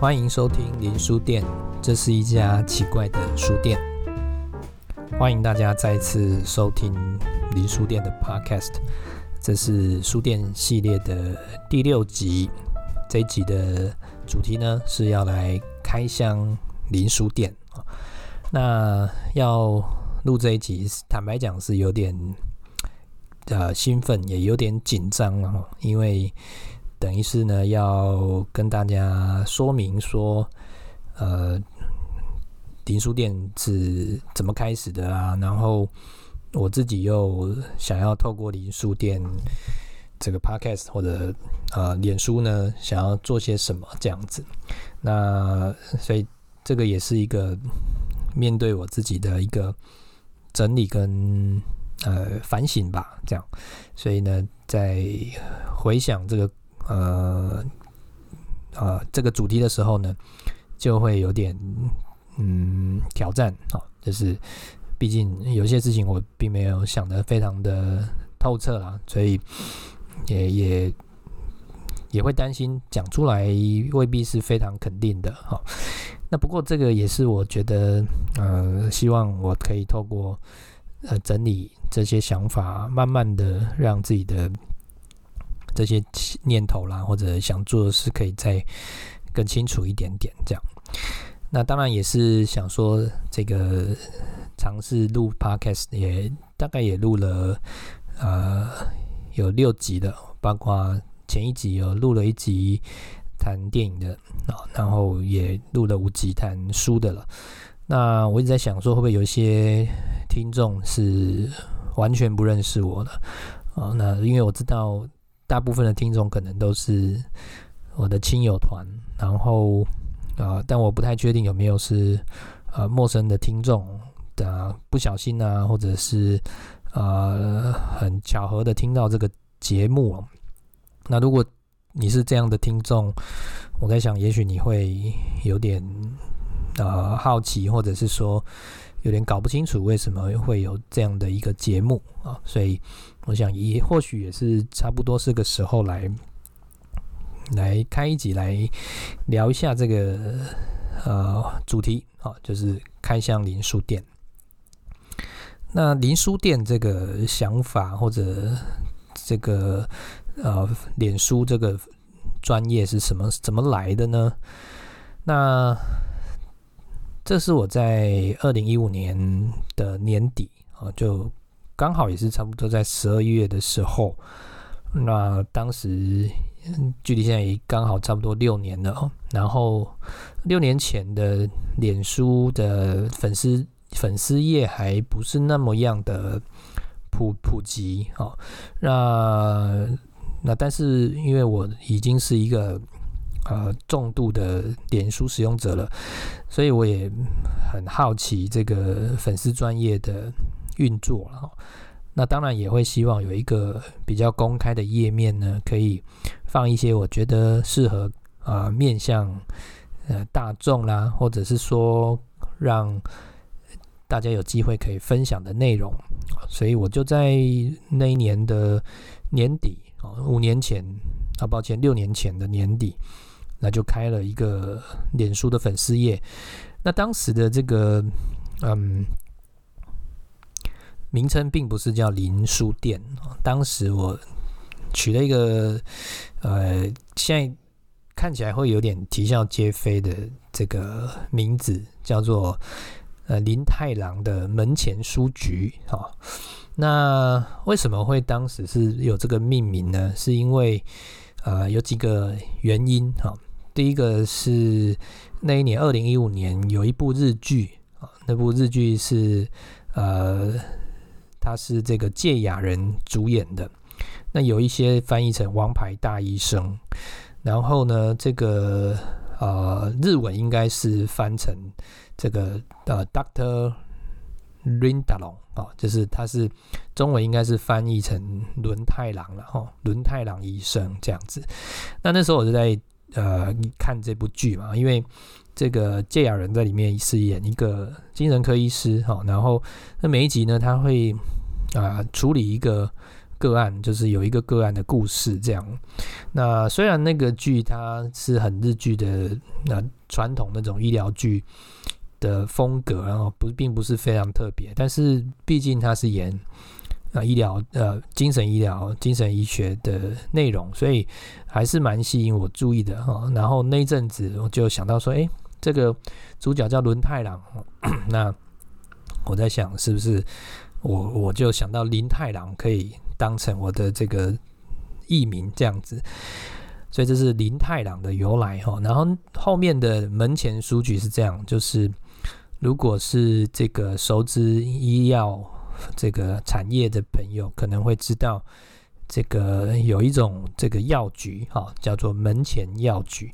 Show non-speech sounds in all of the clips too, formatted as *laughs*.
歡迎收聽林書店，這是一家奇怪的書店。歡迎大家再次收聽林書店的 Podcast，這是書店系列的第六集。這一集的主題呢，是要來開箱林書店。那要錄這一集，坦白講是有點呃興奮，也有點緊張啊，因為。等於是呢，要跟大家說明說，呃，林書店是怎麼開始的啊，然後我自己又想要透過林書店這個 podcast 或者呃臉書呢，想要做些什麼這樣子。那所以這個也是一個面對我自己的一個整理跟呃反省吧。這樣，所以呢，在回想這個。呃，啊，呃，這個主題的時候呢，就會有點嗯挑戰，哦，就是畢竟有些事情我並沒有想得非常的透徹啊，所以也也也會擔心講出來未必是非常肯定的，哦，那不過這個也是我覺得，呃，希望我可以透過呃整理這些想法，慢慢的讓自己的。這些念頭啦，或者想做的事可以再更清楚一點點，這樣。那當然也是想說，這個嘗試錄 Podcast 也大概也錄了，呃，有六集的，包括前一集有錄了一集談電影的啊，然後也錄了五集談書的了。那我一直在想說，會不會有一些聽眾是完全不認識我的啊，哦？那因為我知道。大部分的聽眾可能都是我的親友團，然後啊、呃，但我不太確定有沒有是呃陌生的聽眾的不小心啊，或者是啊、呃，很巧合的聽到這個節目。那如果你是這樣的聽眾，我在想，也許你會有點呃好奇，或者是說有點搞不清楚為什麼會有這樣的一個節目啊，所以。我想也或許也是差不多是個時候來，來開一集來聊一下這個呃主題啊、哦，就是開箱林書店。那林書店這個想法或者這個呃臉書這個專頁是什麼怎麼來的呢？那這是我在二零一五年的年底啊、哦、就。剛好也是差不多在十二月的時候，那當時距離現在也剛好差不多六年了哦。然後六年前的臉書的粉絲粉絲頁還不是那麼樣的普普及哦。那那但是因為我已經是一個呃重度的臉書使用者了，所以我也很好奇這個粉絲專業的。運作了，那當然也會希望有一個比較公開的頁面呢，可以放一些我覺得適合啊、呃、面向呃大眾啦，或者是說讓大家有機會可以分享的內容。所以我就在那一年的年底，五年前啊，抱歉，六年前的年底，那就開了一個臉書的粉絲頁。那當時的這個嗯。名稱並不是叫林書店，當時我取了一個呃，現在看起來會有點啼笑皆非的這個名字，叫做呃林太郎的門前書局。哈、哦，那為什麼會當時是有這個命名呢？是因為呃有幾個原因哈、哦。第一個是那一年二零一五年有一部日劇，那部日劇是呃。他是這個堺雅人主演的，那有一些翻譯成《王牌大醫生》，然後呢，這個呃日文應該是翻成這個呃 Doctor Rintaro 啊就是他是中文應該是翻譯成倫太郎了吼，倫太郎醫生這樣子。那那時候我就在呃看這部劇嘛，因為。這個堺雅人在裡面飾演一個精神科醫師，哈，然後那每一集呢，他會啊、呃、處理一個個案，就是有一個個案的故事這樣。那雖然那個劇它是很日劇的那、呃、傳統那種醫療劇的風格，然後不並不是非常特別，但是畢竟他是演啊、呃、醫療呃精神醫療、精神醫學的內容，所以還是蠻吸引我注意的哦。然後那陣子我就想到說，哎。這個主角叫倫太郎，那我在想是不是我我就想到林太郎可以當成我的這個藝名這樣子，所以這是林太郎的由來。然後後面的門前書局是這樣，就是如果是這個熟知醫藥這個產業的朋友，可能會知道這個有一種這個藥局哈，叫做門前藥局。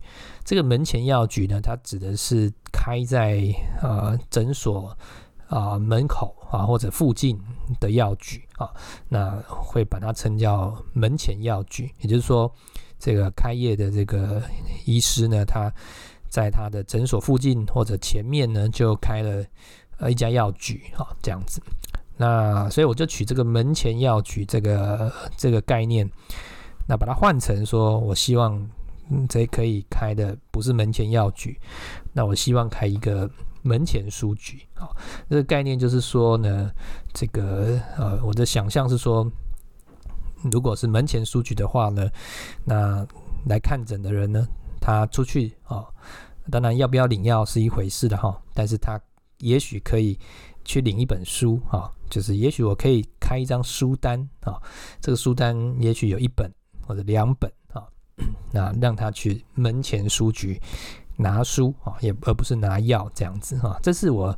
這個門前藥局呢，它指的是開在呃診所啊、呃、門口啊或者附近的藥局啊，那會把它稱叫門前藥局，也就是說，這個開業的這個醫師呢，他在他的診所附近或者前面呢就開了呃一家藥局啊。這樣子。那所以我就取這個門前藥局這個這個概念，那把它換成說，我希望。嗯，這可以開的不是門前藥局，那我希望開一個門前書局啊、哦。這個概念就是說呢，這個呃，我的想象是說，如果是門前書局的話呢，那來看診的人呢，他出去啊、哦，當然要不要領藥是一回事的哈、哦，但是他也許可以去領一本書啊、哦，就是也許我可以開一張書單啊、哦，這個書單也許有一本或者兩本。那讓他去門前書局拿書啊，也而不是拿藥這樣子哈，這是我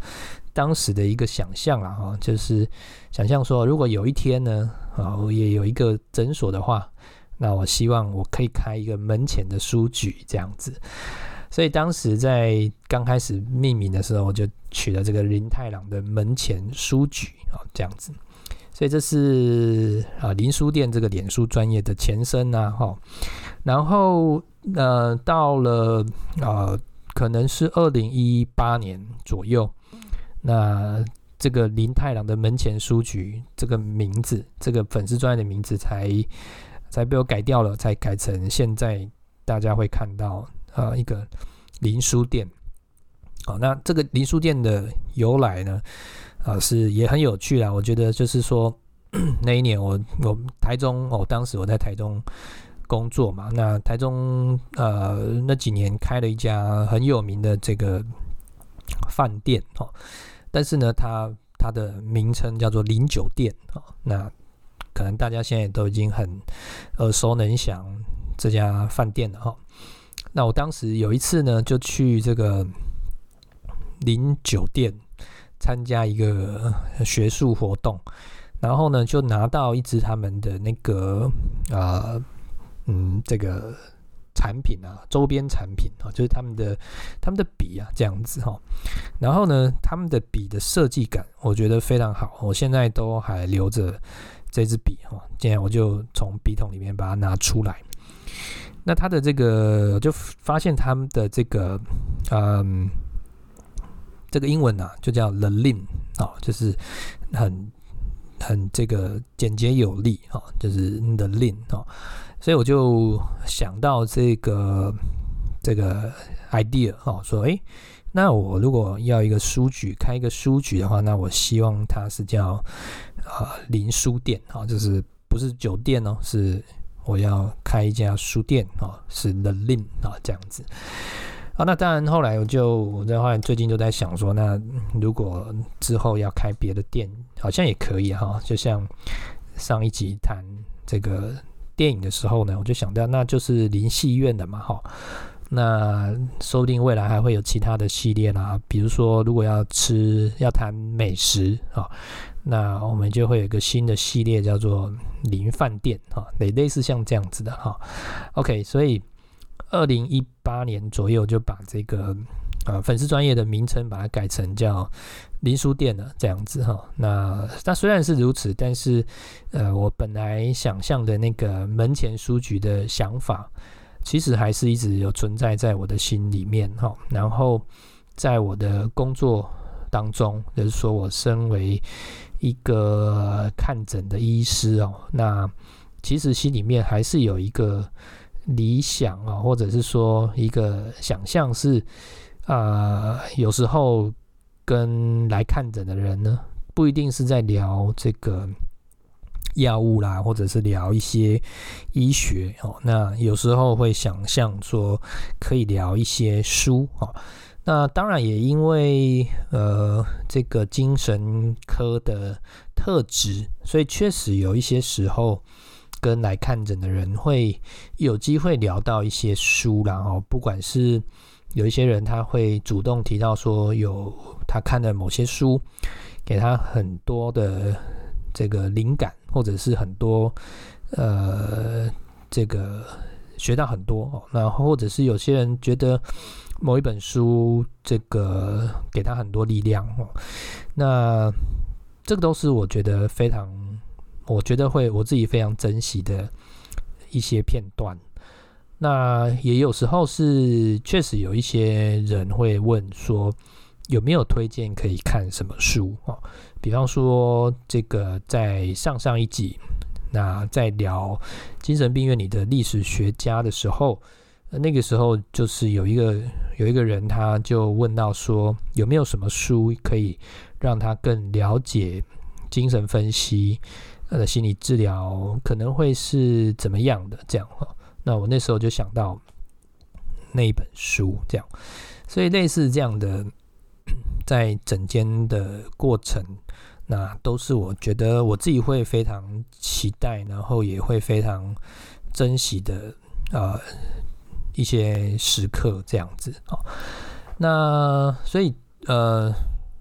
當時的一個想象啊，就是想象說，如果有一天呢，啊，我也有一個診所的話，那我希望我可以開一個門前的書局這樣子。所以當時在剛開始命名的時候，我就取了這個林太郎的門前書局啊，這樣子。所以這是啊、呃、林書店這個臉書專頁的前身啊哈，然後呃到了啊、呃、可能是二零一八年左右，那這個林太郎的門前書局這個名字，這個粉絲專頁的名字才才被我改掉了，才改成現在大家會看到啊、呃，一個林書店。好、哦，那這個林書店的由來呢？老師、啊、也很有趣啦。我覺得就是說， *coughs* 那一年我我台中哦，當時我在台中工作嘛。那台中呃那幾年開了一家很有名的這個飯店哦，但是呢，它它的名稱叫做林酒店哦。那可能大家現在也都已經很耳熟能詳這家飯店了哦。那我當時有一次呢，就去這個林酒店。參加一個學術活動，然後呢，就拿到一支他們的那個呃嗯這個產品啊，周邊產品啊，就是他們的他們的筆啊，這樣子哈、喔。然後呢，他們的筆的設計感我覺得非常好，我現在都還留着這支筆哈、喔。現在我就從筆筒裡面把它拿出來，那他的這個就發現他們的這個嗯。這個英文啊，就叫 The Lin 哦，就是很很這個簡潔有力哦，就是 The Lin 哦，所以我就想到這個這個 idea 哦，說哎、欸，那我如果要一個書局，開一個書局的話，那我希望它是叫啊、呃、林書店啊、哦，就是不是酒店哦，是我要開一家書店哦，是 The Lin 哦，這樣子。啊，那當然，後來我就我在後來最近就在想說，那如果之後要開別的店，好像也可以哈、啊。就像上一集談這個電影的時候呢，我就想到，那就是林戲院的嘛哈。那說不定未來還會有其他的系列啦，比如說如果要吃要談美食啊，那我們就會有一個新的系列叫做林飯店哈，類類似像這樣子的哈。OK，所以。二零一八年左右就把這個啊、呃、粉絲專業的名稱把它改成叫林書店了，這樣子哈、喔。那那雖然是如此，但是呃，我本來想象的那個門前書局的想法，其實還是一直有存在在我的心裡面哈、喔。然後在我的工作當中，就是說我身為一個看診的醫師哦、喔，那其實心裡面還是有一個。理想啊，或者是說一個想象是，啊、呃，有時候跟來看診的人呢，不一定是在聊這個藥物啦，或者是聊一些醫學哦。那有時候會想象說可以聊一些書哦。那當然也因為呃，這個精神科的特質，所以確實有一些時候。跟來看診的人會有機會聊到一些書，然後不管是有一些人他會主動提到說，有他看的某些書，給他很多的這個靈感，或者是很多呃，這個學到很多，那或者是有些人覺得某一本書這個給他很多力量哦，那這個都是我覺得非常。我覺得會我自己非常珍惜的一些片段。那也有時候是確實有一些人會問說，有沒有推薦可以看什麼書？比方說這個在上上一集，那在聊精神病院裡的歷史學家的時候，那個時候就是有一個有一個人他就問到說，有沒有什麼書可以讓他更了解精神分析？他的心理治療可能會是怎麼樣的？這樣那我那時候就想到那一本書，這樣，所以類似這樣的，在診間的過程，那都是我覺得我自己會非常期待，然後也會非常珍惜的，呃，一些時刻這樣子那所以呃。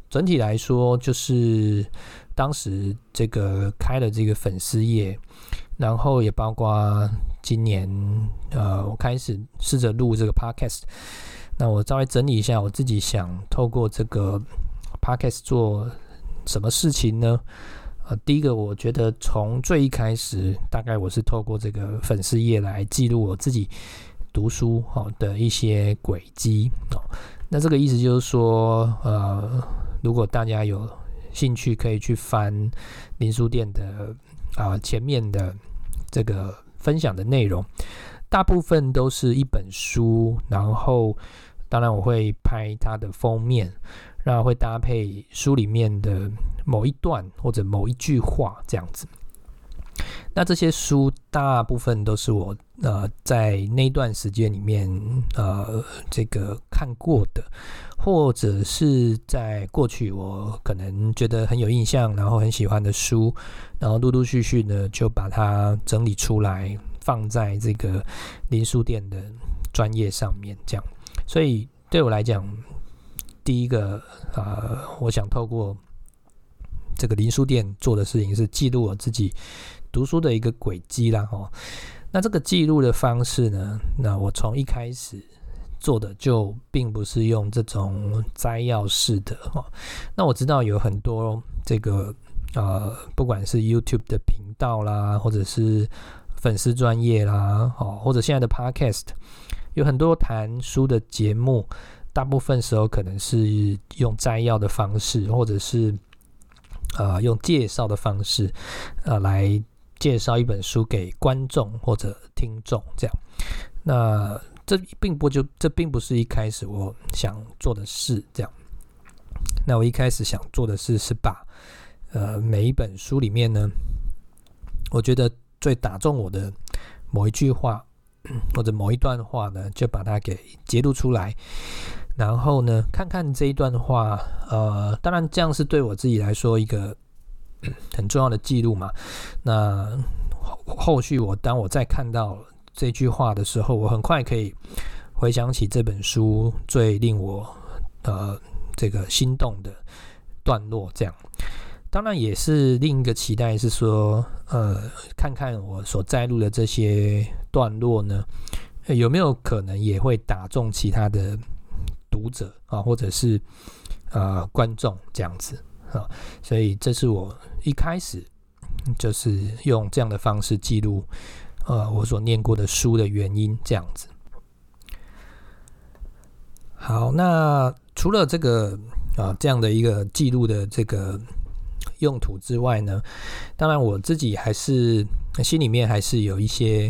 整體來說，就是當時這個開了這個粉絲頁，然後也包括今年，呃，我開始試着錄這個 podcast。那我稍微整理一下，我自己想透過這個 podcast 做什麼事情呢？呃，第一個，我覺得從最一開始，大概我是透過這個粉絲頁來記錄我自己讀書哈的一些軌跡。那這個意思就是說，呃。如果大家有興趣，可以去翻林書店的啊、呃、前面的這個分享的內容，大部分都是一本書，然後當然我會拍它的封面，然後會搭配書裡面的某一段或者某一句話這樣子。那這些書大部分都是我呃在那段時間裡面呃這個看過的，或者是在過去，我可能覺得很有印象，然後很喜歡的書，然後陸陸續續呢，就把它整理出來，放在這個林書店的專業上面。這樣，所以對我來講，第一個啊、呃，我想透過這個林書店做的事情，是記錄我自己讀書的一個軌跡啦。齁，那這個記錄的方式呢，那我從一開始。做的就並不是用這種摘要式的。那我知道有很多這個呃，不管是 YouTube 的頻道啦，或者是粉絲專頁啦，哦，或者現在的 Podcast，有很多談書的節目，大部分時候可能是用摘要的方式，或者是呃用介紹的方式，呃來介紹一本書給觀眾或者聽眾這樣，那。這並不就這並不是一開始我想做的事，這樣。那我一開始想做的事是把，呃，每一本書裡面呢，我覺得最打中我的某一句話或者某一段話呢，就把它給截錄出來，然後呢，看看這一段話，呃，當然這樣是對我自己來說一個很重要的記錄嘛。那後續我當我再看到。這句話的時候，我很快可以回想起這本書最令我呃這個心動的段落。這樣，當然也是另一個期待是說，呃，看看我所摘錄的這些段落呢，有沒有可能也會打中其他的讀者啊，或者是呃觀眾這樣子啊。所以，這是我一開始就是用這樣的方式記錄。呃，我所念過的書的原因這樣子。好，那除了這個啊、呃、這樣的一個記錄的這個用途之外呢，當然我自己還是心裡面還是有一些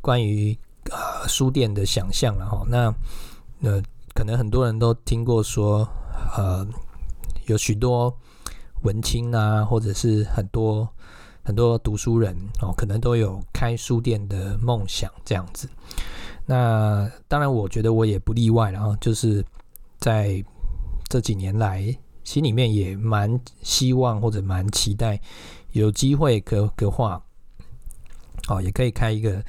關於呃書店的想象了哈、哦。那呃，可能很多人都聽過說，呃，有許多文青啊，或者是很多。很多讀書人哦，可能都有開書店的夢想這樣子。那當然，我覺得我也不例外了。然後，哦，就是在這幾年來，心裡面也蠻希望或者蠻期待有機會可可話，哦，也可以開一個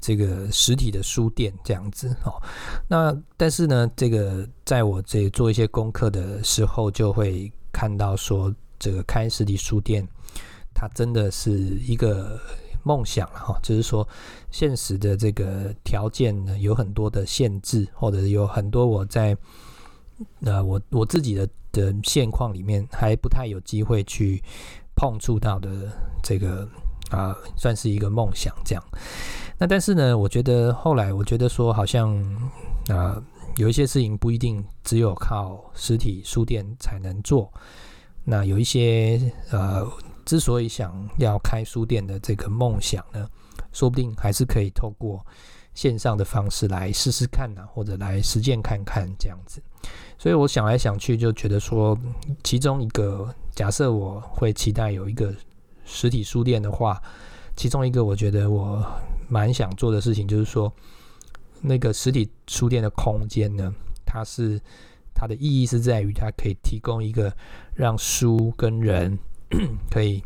這個實體的書店這樣子哦。那但是呢，這個在我這做一些功課的時候，就會看到說，這個開實體書店，它真的是一個夢想了哈，就是說現實的這個條件呢，有很多的限制，或者有很多我在呃，我我自己的的現況裡面還不太有機會去碰觸到的這個啊、呃，算是一個夢想這樣。那但是呢，我覺得後來我覺得說好像啊、呃，有一些事情不一定只有靠實體書店才能做，那有一些呃。之所以想要開書店的這個夢想呢，說不定還是可以透過線上的方式來試試看吶、啊，或者來實踐看看這樣子。所以我想來想去，就覺得說，其中一個假設我會期待有一個實體書店的話，其中一個我覺得我蠻想做的事情就是說，那個實體書店的空間呢，它是它的意義是在於它可以提供一個讓書跟人，可以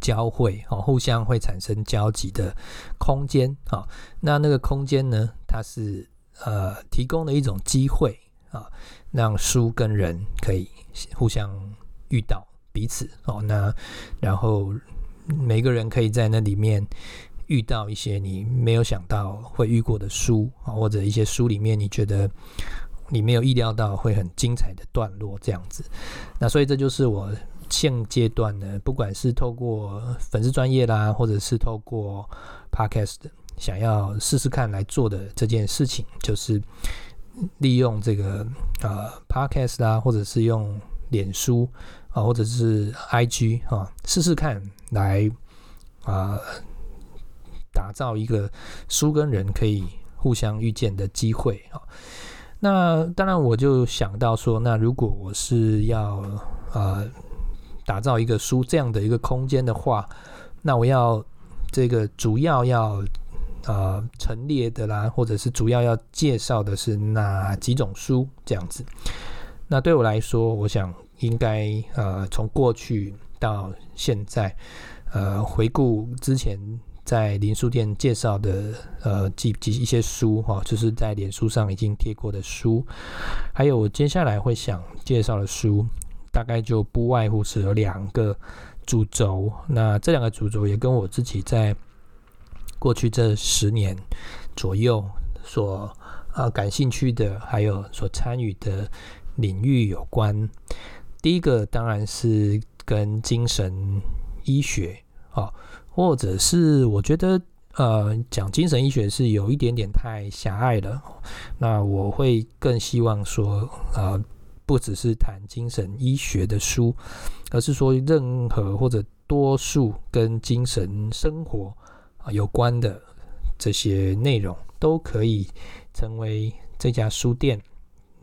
交匯哦，互相會產生交集的空間啊。那那個空間呢，它是呃提供了一種機會啊，讓書跟人可以互相遇到彼此哦。那然後每個人可以在那裡面遇到一些你沒有想到會遇過的書啊，或者一些書裡面你覺得你沒有意料到會很精彩的段落這樣子。那所以這就是我。現階段呢，不管是透過粉絲專頁啦，或者是透過 Podcast，想要試試看來做的這件事情，就是利用這個呃 Podcast 啦，或者是用臉書啊，或者是 IG 啊，試試看來啊，打造一個書跟人可以互相遇見的機會啊。那當然，我就想到說，那如果我是要呃。啊打造一個書這樣的一個空間的話，那我要這個主要要啊、呃、陳列的啦，或者是主要要介紹的是哪幾種書這樣子。那對我來說，我想應該呃從過去到現在，呃回顧之前在林書店介紹的呃幾幾，幾一些書哈、哦，就是在臉書上已經貼過的書，還有我接下來會想介紹的書。大概就不外乎是有兩個主軸，那這兩個主軸也跟我自己在過去這十年左右所啊、呃、感興趣的，還有所參與的領域有關。第一個當然是跟精神醫學哦，或者是我覺得呃講精神醫學是有一點點太狹隘了，那我會更希望說啊。呃不只是談精神醫學的書，而是說任何或者多數跟精神生活啊有關的這些內容，都可以成為這家書店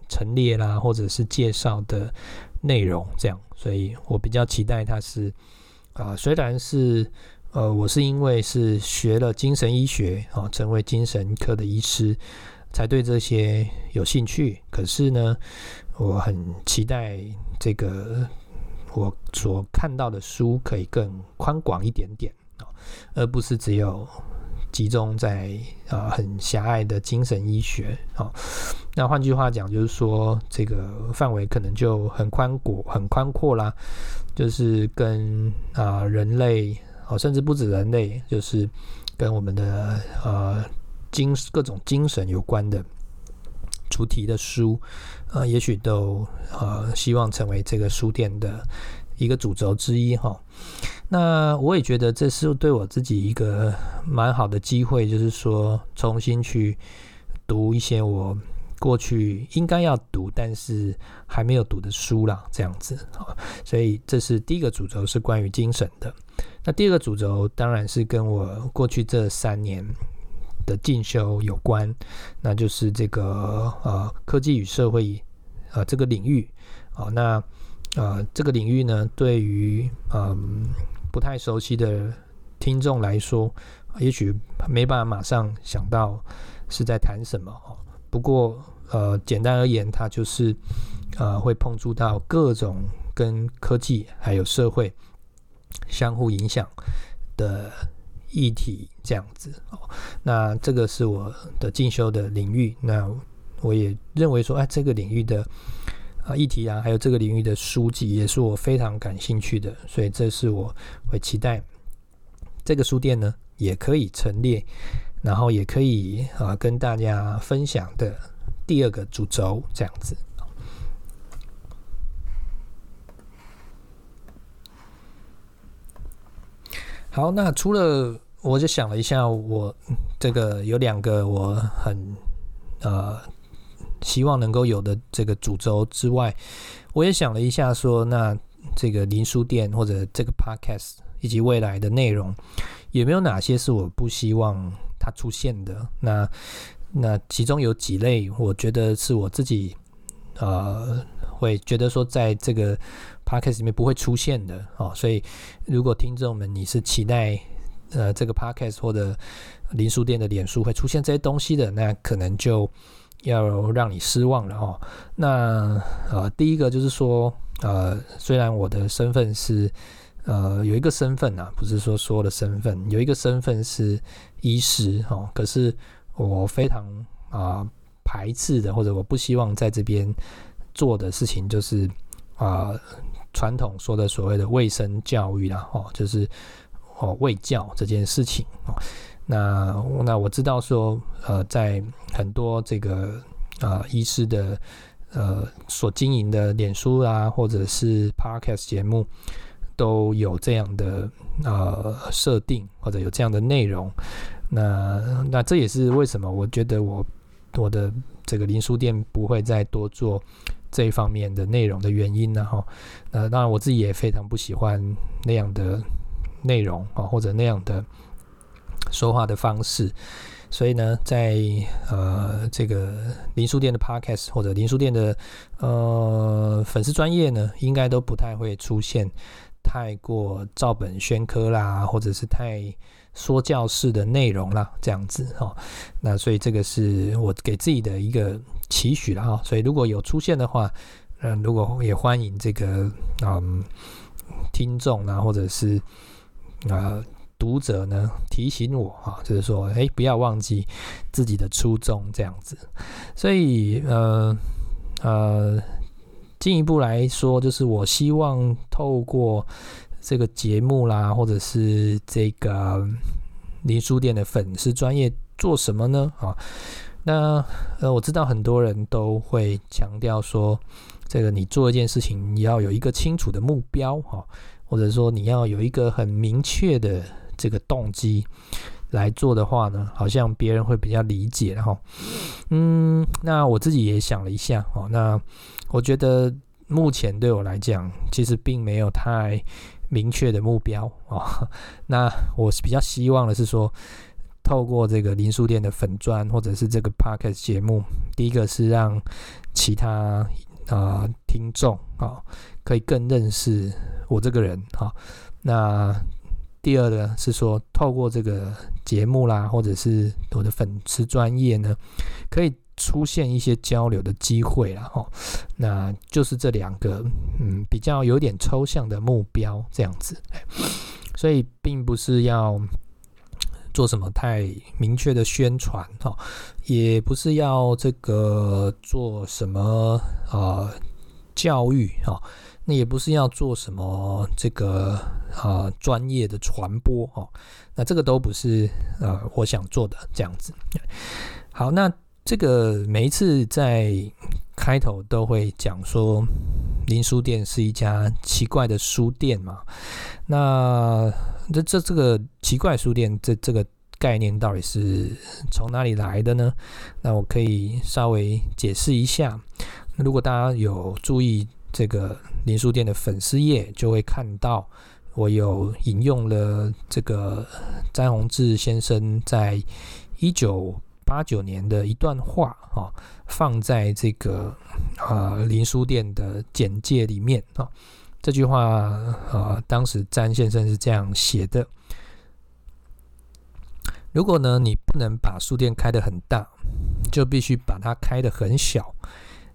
陳列啦，或者是介紹的內容。這樣，所以我比較期待它是啊、呃。雖然是呃，我是因為是學了精神醫學啊、呃，成為精神科的醫師，才對這些有興趣。可是呢。我很期待這個我所看到的書可以更寬廣一點點，而不是只有集中在啊、呃、很狹隘的精神醫學啊、哦。那換句話講，就是說這個範圍可能就很寬廣、很寬闊啦，就是跟啊、呃、人類哦，甚至不止人類，就是跟我們的啊、呃、精各種精神有關的主題的書。啊、呃，也許都呃希望成為這個書店的一個主軸之一哈。那我也覺得這是對我自己一個蠻好的機會，就是說重新去讀一些我過去應該要讀但是還沒有讀的書啦。這樣子。所以這是第一個主軸是關於精神的。那第二個主軸當然是跟我過去這三年的進修有關，那就是這個呃科技與社會。啊、呃，這個領域，哦。那，呃，這個領域呢，對於嗯、呃、不太熟悉的聽眾來說，也許沒辦法馬上想到是在談什麼。不過，呃，簡單而言，它就是呃，會碰觸到各種跟科技還有社會相互影響的議題，這樣子、哦。那這個是我的進修的領域。那。我也認為說，哎、啊，這個領域的啊議題啊，還有這個領域的書籍，也是我非常感興趣的，所以這是我會期待這個書店呢，也可以陳列，然後也可以啊跟大家分享的第二個主軸這樣子。好，那除了我就想了一下我，我這個有兩個我很呃。希望能夠有的這個主軸之外，我也想了一下，說那這個林書店或者這個 podcast 以及未來的內容，有沒有哪些是我不希望它出現的？那那其中有幾類，我覺得是我自己呃會覺得說在這個 podcast 裡面不會出現的哦。所以如果聽眾們你是期待呃這個 podcast 或者林書店的臉書會出現這些東西的，那可能就。要讓你失望了哦。那呃，第一個就是說，呃，雖然我的身份是，呃，有一個身份啊，不是說所有的身份，有一個身份是醫師哦。可是我非常啊、呃、排斥的，或者我不希望在這邊做的事情就是啊，呃、傳統說的所謂的衛生教育啦，哦，就是哦衛教這件事情哦。那那我知道說，呃，在很多這個啊、呃，醫師的呃所經營的臉書啊，或者是 Podcast 節目，都有這樣的呃設定，或者有這樣的內容。那那這也是為什麼我覺得我我的這個林書店不會再多做這一方面的內容的原因呢、啊？哈、哦，那、呃、當然我自己也非常不喜歡那樣的內容啊、哦，或者那樣的。說話的方式，所以呢，在呃這個林書店的 podcast 或者林書店的呃粉絲專業呢，應該都不太會出現太過照本宣科啦，或者是太說教式的內容啦，這樣子哈、哦。那所以這個是我給自己的一個期許了哈。所以如果有出現的話，嗯、呃，如果也歡迎這個嗯聽眾啦，或者是呃。讀者呢，提醒我啊，就是說，哎，不要忘記自己的初衷這樣子。所以，呃呃，進一步來說，就是我希望透過這個節目啦，或者是這個林書店的粉絲，專業做什麼呢？啊，那呃，我知道很多人都會強調說，這個你做一件事情，你要有一個清楚的目標哈，或者說你要有一個很明確的。這個動機來做的話呢，好像別人會比較理解，然嗯，那我自己也想了一下，哦，那我覺得目前對我來講，其實並沒有太明確的目標哦，那我比較希望的是說，透過這個林書店的粉專，或者是這個 podcast 節目，第一個是讓其他啊、呃、聽眾啊可以更認識我這個人哈，那。第二呢，是說透過這個節目啦，或者是我的粉絲專頁呢，可以出現一些交流的機會啦。哈。那就是這兩個嗯，比較有點抽象的目標這樣子，所以並不是要做什麼太明確的宣傳哈，也不是要這個做什麼啊、呃、教育哈。那也不是要做什麼這個啊專業的傳播哦，那這個都不是呃，我想做的這樣子。好，那這個每一次在開頭都會講說，林書店是一家奇怪的書店嘛。那這這這個奇怪書店這這個概念到底是從哪裡來的呢？那我可以稍微解釋一下。那如果大家有注意。這個林書店的粉絲頁就會看到，我有引用了這個詹宏志先生在一九八九年的一段話哦，放在這個呃林書店的簡介裡面。這句話啊，當時詹先生是這樣寫的：如果呢你不能把書店開得很大，就必須把它開得很小。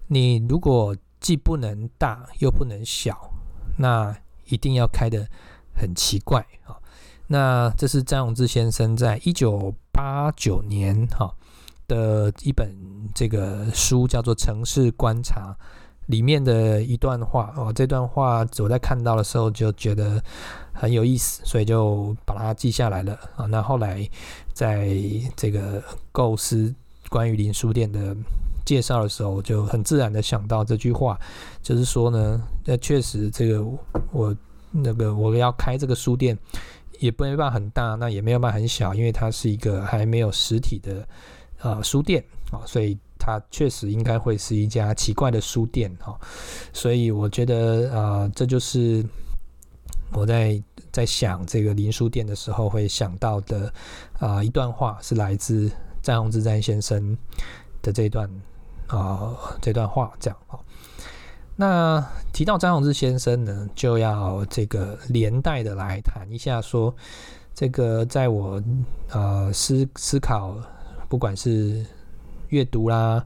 你如果既不能大，又不能小，那一定要開得很奇怪啊！那這是詹宏志先生在一九八九年哈的一本這個書，叫做《城市觀察》裡面的一段話哦，這段話我在看到的時候就覺得很有意思，所以就把它記下來了啊。那後來在這個構思關於林書店的介紹的時候，我就很自然的想到這句話，就是說呢，那、呃、確實這個我那個我要開這個書店，也不沒有辦法很大，那也沒有辦法很小，因為它是一個還沒有實體的啊、呃、書店啊、哦，所以它確實應該會是一家奇怪的書店啊、哦，所以我覺得啊、呃，這就是我在在想這個林書店的時候會想到的啊、呃、一段話，是來自詹宏志詹先生的這一段。好、哦，這段話這樣那提到詹宏志先生呢，就要這個連帶的來談一下說，說這個在我呃思思考，不管是閱讀啦，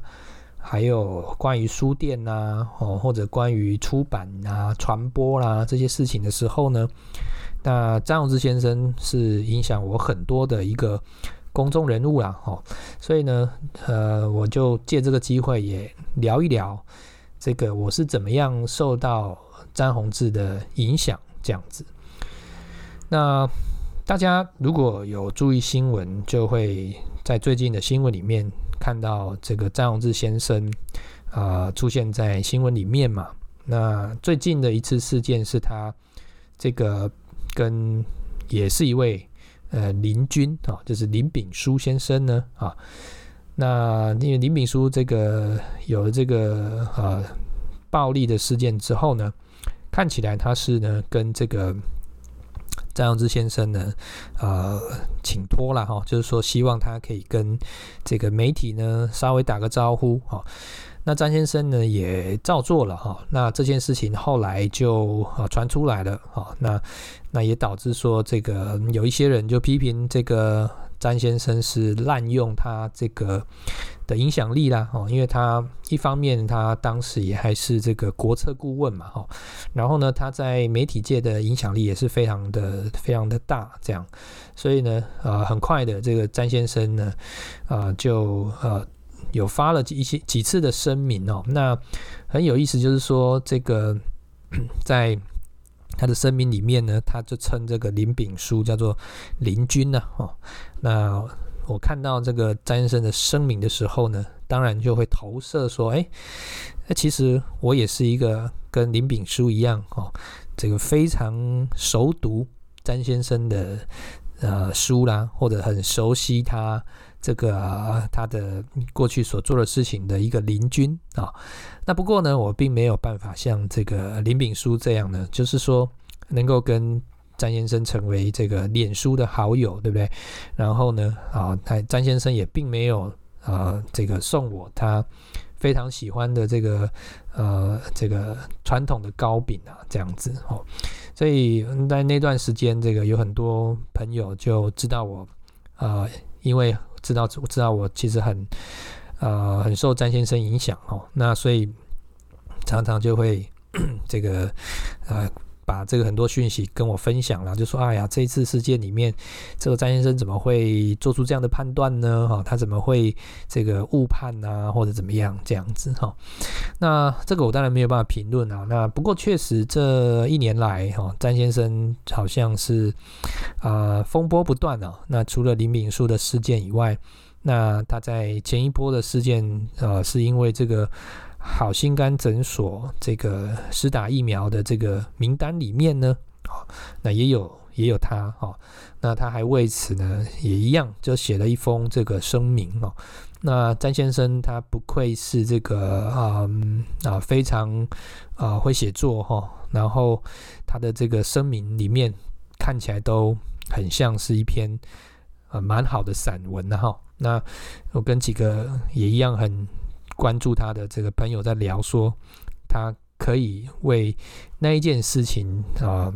還有關於書店啦，哦，或者關於出版啦、傳播啦這些事情的時候呢，那詹宏志先生是影響我很多的一個。公眾人物啦，吼，所以呢，呃，我就借這個機會也聊一聊，這個我是怎麼樣受到詹宏志的影響，這樣子。那大家如果有注意新聞，就會在最近的新聞裡面看到這個詹宏志先生啊、呃、出現在新聞裡面嘛。那最近的一次事件是他這個跟也是一位。呃，林君啊、哦，就是林秉樞先生呢啊，那因為林秉樞這個有了這個啊暴力的事件之後呢，看起來他是呢跟這個詹宏志先生呢呃請託了哈，就是說希望他可以跟這個媒體呢稍微打個招呼哈。啊那詹先生呢也照做了哈，那這件事情後來就啊傳出來了啊，那那也導致說這個有一些人就批評這個詹先生是濫用他這個的影響力啦哈，因為他一方面他當時也還是這個國策顧問嘛哈，然後呢他在媒體界的影響力也是非常的非常的大這樣，所以呢啊、呃、很快的這個詹先生呢啊、呃、就啊、呃。有發了一些幾次的聲明哦，那很有意思，就是說這個在他的聲明裡面呢，他就稱這個林炳書叫做林君呢、啊、哦。那我看到這個詹先生的聲明的時候呢，當然就會投射說，哎，那其實我也是一個跟林炳書一樣哦，這個非常熟讀詹先生的呃書啦，或者很熟悉他。這個、啊、他的過去所做的事情的一個鄰居啊、哦，那不過呢，我並沒有辦法像這個林炳書這樣呢，就是說能夠跟詹先生成為這個臉書的好友，對不對？然後呢，啊、哦，詹先生也並沒有啊、呃，這個送我他非常喜歡的這個呃，這個傳統的糕餅啊，這樣子哦。所以在那段時間，這個有很多朋友就知道我，啊、呃，因為知道知道，知道我其實很呃很受詹先生影響哦，那所以常常就會這個呃。把這個很多訊息跟我分享了，就說哎呀，這次事件裡面，這個詹先生怎麼會做出這樣的判斷呢？哈、哦，他怎麼會這個誤判呢、啊？或者怎麼樣這樣子？哈、哦，那這個我當然沒有辦法評論啊。那不過確實這一年來，哈、哦，詹先生好像是啊、呃、風波不斷啊。那除了林秉樞的事件以外，那他在前一波的事件啊、呃，是因為這個。好心肝診所這個施打疫苗的這個名單裡面呢，哦、那也有也有他，啊、哦，那他還為此呢也一樣就寫了一封這個聲明，哦，那詹先生他不愧是這個、嗯、啊啊非常啊會寫作哈、哦，然後他的這個聲明裡面看起來都很像是一篇啊、嗯、蠻好的散文哈、啊，那我跟幾個也一樣很。關注他的這個朋友在聊說，他可以為那一件事情啊、呃，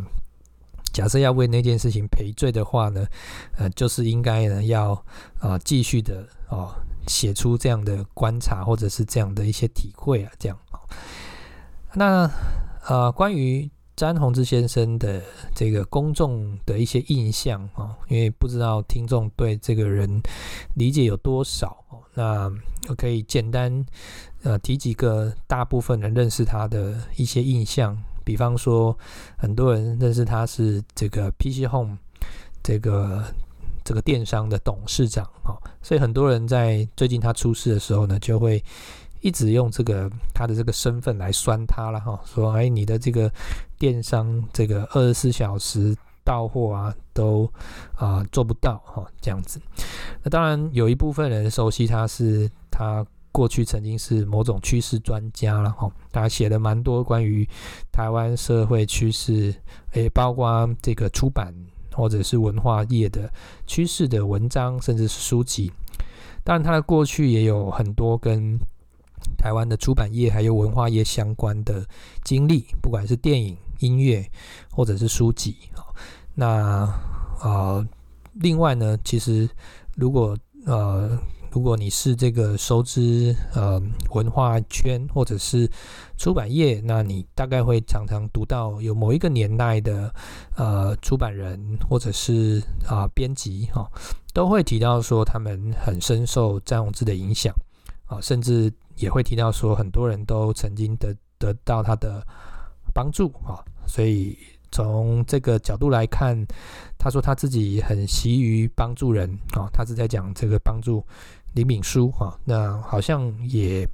假設要為那件事情賠罪的話呢，呃，就是應該呢要啊繼續的哦、呃、寫出這樣的觀察或者是這樣的一些體會啊，這樣。那呃，關於。詹宏志先生的這個公眾的一些印象啊，因為不知道聽眾對這個人理解，有多少，那我可以簡單呃提幾個大部分人認識他的一些印象。比方說，很多人認識他是這個 PC Home 這個這個電商的董事長啊，所以很多人在最近他出事的時候呢，就會。一直用這個他的這個身份來酸他了哈，說哎、欸，你的這個電商這個二十四小時到貨啊，都啊做不到哈，這樣子。那當然有一部分人熟悉他是他過去曾經是某種趨勢專家了哈，他寫了蠻多關於台灣社會趨勢，誒，包括這個出版或者是文化業的趨勢的文章，甚至是書籍。當然他的過去也有很多跟。台灣的出版業還有文化業相關的經歷，不管是電影、音樂，或者是書籍，那啊、呃，另外呢，其實如果呃，如果你是這個熟知呃文化圈或者是出版業，那你大概會常常讀到有某一個年代的呃出版人或者是啊編輯哈，都會提到說他們很深受詹宏志的影響，啊、呃，甚至。也會提到說，很多人都曾經得得到他的幫助、哦、所以從這個角度來看，他說他自己很習於幫助人啊、哦，他是在講這個幫助李敏書，那好像也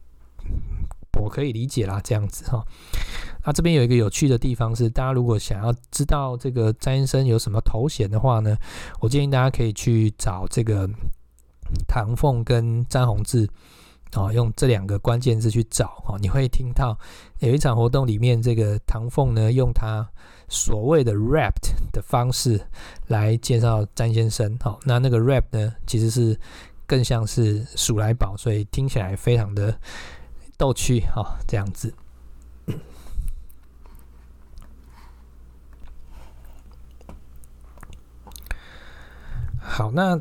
我可以理解啦，這樣子哈。那、哦啊、這邊有一個有趣的地方是，大家如果想要知道這個詹先生有什麼頭銜的話呢，我建議大家可以去找這個唐鳳跟詹宏志。哦，用這兩個關鍵字去找哦，你會聽到有一場活動裡面，這個唐鳳呢用他所謂的 rap 的的方式來介紹詹先生。好，哦，那那個 rap 呢，其實是更像是鼠來寶，所以聽起來非常的逗趣。好，哦，這樣子。好，那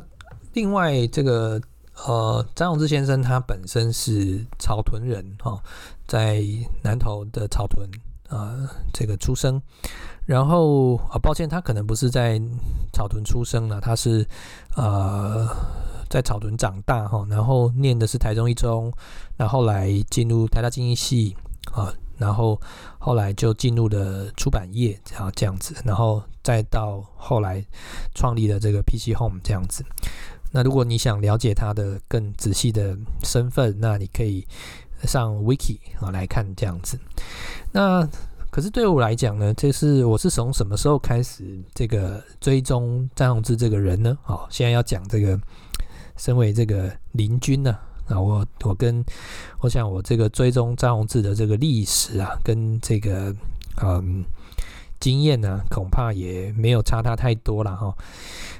另外這個。呃，詹宏志先生他本身是草屯人哈、哦，在南投的草屯啊、呃，這個出生。然後啊、哦，抱歉，他可能不是在草屯出生的，他是呃在草屯長大哈、哦。然後念的是台中一中，然後來進入台大經濟系啊、哦，然後後來就進入了出版業，然、啊、後這樣子，然後再到後來創立了這個 PC Home 這樣子。那如果你想了解他的更仔細的身份，那你可以上 wiki 啊來看這樣子。那可是對我來講呢，這是我是從什麼時候開始這個追蹤詹宏志這個人呢？哦，現在要講這個身為這個林君呢、啊，那、啊、我我跟我想我這個追蹤詹宏志的這個歷史啊，跟這個嗯。經驗呢，恐怕也沒有差他太多了哈、哦。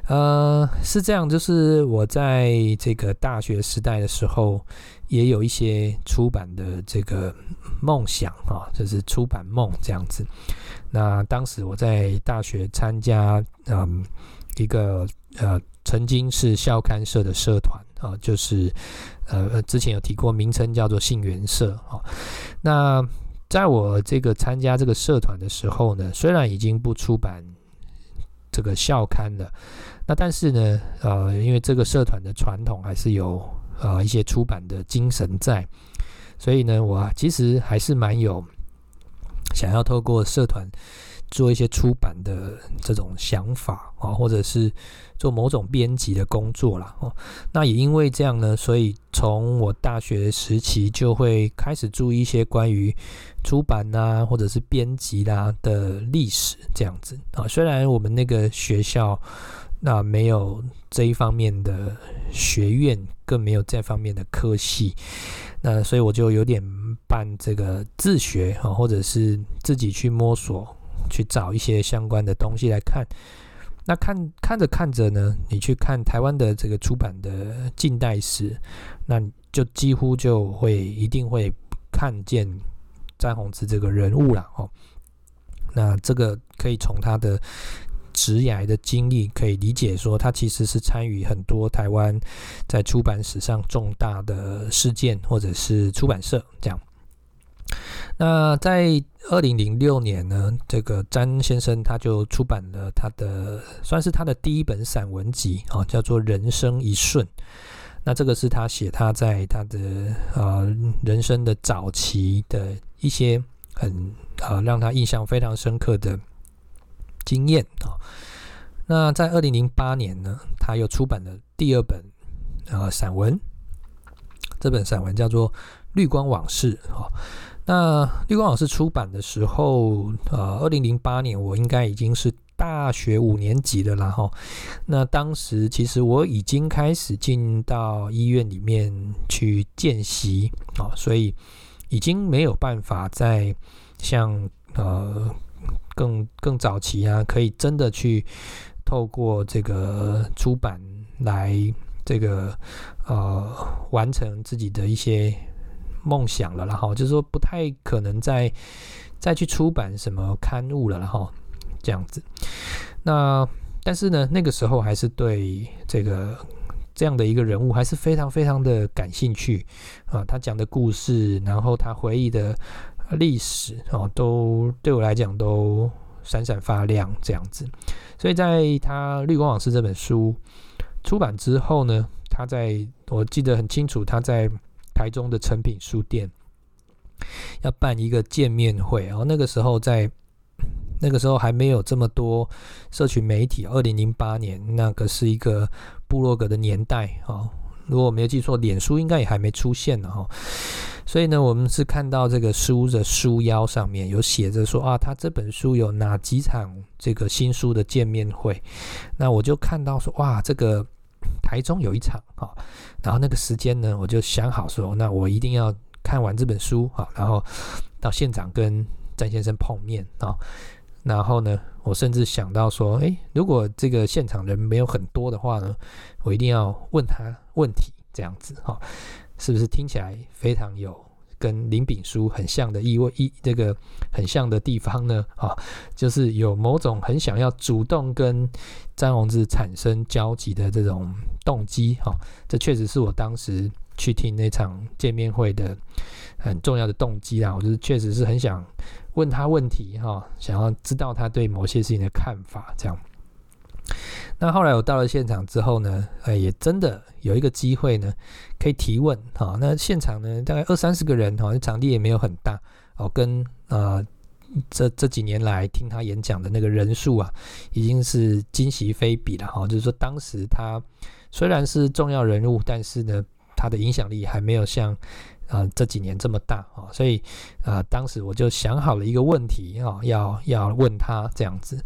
呃，是這樣，就是我在這個大學時代的時候，也有一些出版的這個夢想啊、哦，就是出版夢這樣子。那當時我在大學參加嗯一個呃曾經是校刊社的社團啊、哦，就是呃之前有提過名稱叫做信源社啊、哦，那。在我這個參加這個社團的時候呢，雖然已經不出版這個校刊了，那但是呢，呃，因為這個社團的傳統還是有呃一些出版的精神在，所以呢，我其實還是蠻有想要透過社團。做一些出版的這種想法啊，或者是做某種編輯的工作啦，哦，那也因為這樣呢，所以從我大學時期就會開始注意一些關於出版啦，或者是編輯啦的歷史這樣子啊。雖然我們那個學校那沒有這一方面的學院，更沒有這方面的科系，那所以我就有點辦這個自學啊，或者是自己去摸索。去找一些相關的東西來看，那看看着看着呢，你去看台灣的這個出版的近代史，那你就幾乎就會一定會看見詹宏志這個人物了哦。那這個可以從他的職涯的經歷可以理解說，他其實是參與很多台灣在出版史上重大的事件或者是出版社這樣。那在，二零零六年呢，這個詹先生他就出版了他的，算是他的第一本散文集，哦，叫做《人生一瞬》。那這個是他寫他在他的呃人生的早期的一些很啊，呃，讓他印象非常深刻的經驗啊，哦。那在二零零八年呢，他又出版了第二本呃散文，這本散文叫做《綠光往事》哦。那綠光老師出版的時候，呃，二零零八年我應該已經是大學五年級的啦哈、哦。那當時其實我已經開始進到醫院裡面去見習啊、哦，所以已經沒有辦法再像呃更更早期啊，可以真的去透過這個出版來這個呃完成自己的一些。夢想了，然後就是說不太可能再再去出版什麼刊物，了，然後這樣子。那但是呢，那個時候還是對這個這樣的一個人物還是非常非常的感興趣啊。他講的故事，然後他回憶的歷史啊，都對我來講都閃閃發亮這樣子。所以在他《綠光往事》這本書出版之後呢，他在我記得很清楚，他在。台中的誠品書店要辦一個見面會哦，那個時候在那個時候還沒有這麼多社群媒體。二零零八年那個是一個部落格的年代哦，如果我沒有記錯，臉書應該也還沒出現呢。哦，所以呢，我們是看到這個書的書腰上面有寫着說啊，他這本書有哪幾場這個新書的見面會。那我就看到說哇，這個。台中有一場啊，然後那個時間呢，我就想好說，那我一定要看完這本書啊，然後到現場跟詹先生碰面啊，然後呢，我甚至想到說，誒，如果這個現場人沒有很多的話呢，我一定要問他問題，這樣子哈，是不是聽起來非常有。跟林炳書很像的一位一，這個很像的地方呢，啊、哦，就是有某種很想要主動跟詹宏志產生交集的這種動機，哈、哦，這確實是我當時去聽那場見面會的很重要的動機啦。我就是確實是很想問他問題，哈、哦，想要知道他對某些事情的看法，這樣。那後來我到了現場之後呢，哎，也真的有一個機會呢，可以提問哈、哦。那現場呢，大概二三十個人哈、哦，場地也沒有很大哦。跟啊、呃，這這幾年來聽他演講的那個人數啊，已經是今非昔比了哈、哦。就是說，當時他雖然是重要人物，但是呢，他的影響力還沒有像啊、呃、這幾年這麼大啊、哦。所以啊、呃，當時我就想好了一個問題哈、哦，要要問他這樣子，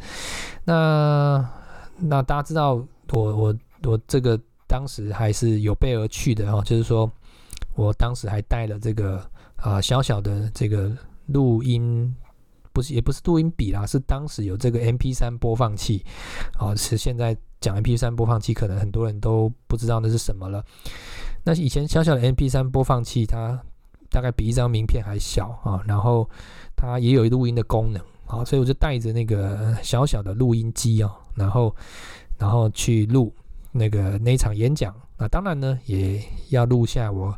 那。那大家知道我，我我我這個當時還是有備而去的哈、啊，就是說我當時還帶了這個啊小小的這個錄音，不是也不是錄音筆啦，是當時有這個 MP3 播放器啊。是現在講 MP3 播放器，可能很多人都不知道那是什麼了。那以前小小的 MP3 播放器，它大概比一張名片還小啊，然後它也有錄音的功能啊，所以我就帶着那個小小的錄音機哦。然後，然後去錄那個那一場演講。那當然呢，也要錄下我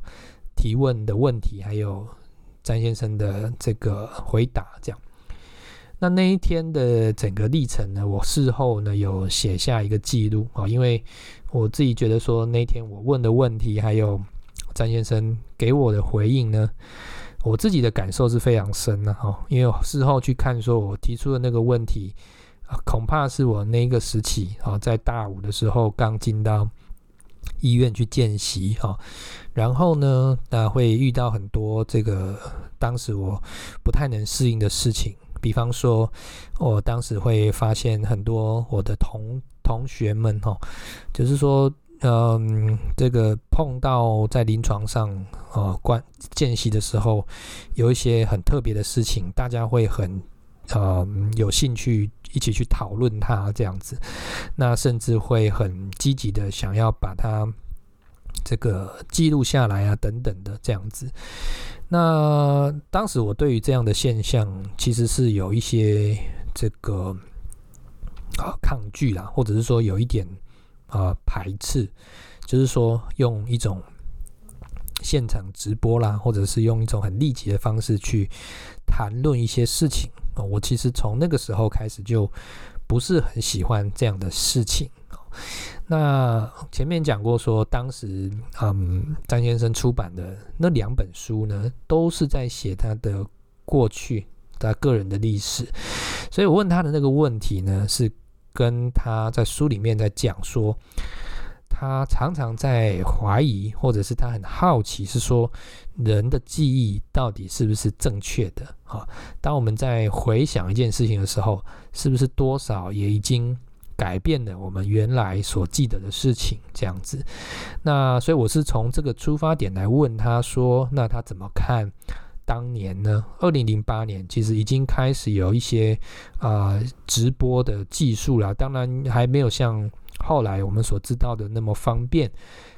提問的問題，還有詹先生的這個回答。這樣，那那一天的整個歷程呢，我事後呢有寫下一個記錄啊，因為我自己覺得說那天我問的問題，還有詹先生給我的回應呢，我自己的感受是非常深的、啊、哈。因為我事後去看，說我提出的那個問題。恐怕是我那個時期啊，在大五的時候剛進到醫院去見習哈，然後呢，那、啊、會遇到很多這個當時我不太能適應的事情，比方說，我當時會發現很多我的同同學們哈，就是說，嗯，這個碰到在臨床上啊，關見習的時候，有一些很特別的事情，大家會很呃、嗯、有興趣。一起去討論它這樣子，那甚至會很積極的想要把它這個記錄下來啊，等等的這樣子。那當時我對於這樣的現象，其實是有一些這個啊抗拒啦，或者是說有一點啊呃排斥，就是說用一種現場直播啦，或者是用一種很立即的方式去談論一些事情。我其實從那個時候開始就不是很喜歡這樣的事情。那前面講過說，當時嗯，詹先生出版的那兩本書呢，都是在寫他的過去，他個人的歷史。所以我問他的那個問題呢，是跟他在書裡面在講說。他常常在懷疑，或者是他很好奇，是說人的記憶到底是不是正確的？好，當我們在回想一件事情的時候，是不是多少也已經改變了我們原來所記得的事情？這樣子。那所以我是從這個出發點來問他說，那他怎麼看當年呢？二零零八年其實已經開始有一些啊、呃、直播的技術了，當然還沒有像。後來我們所知道的那麼方便，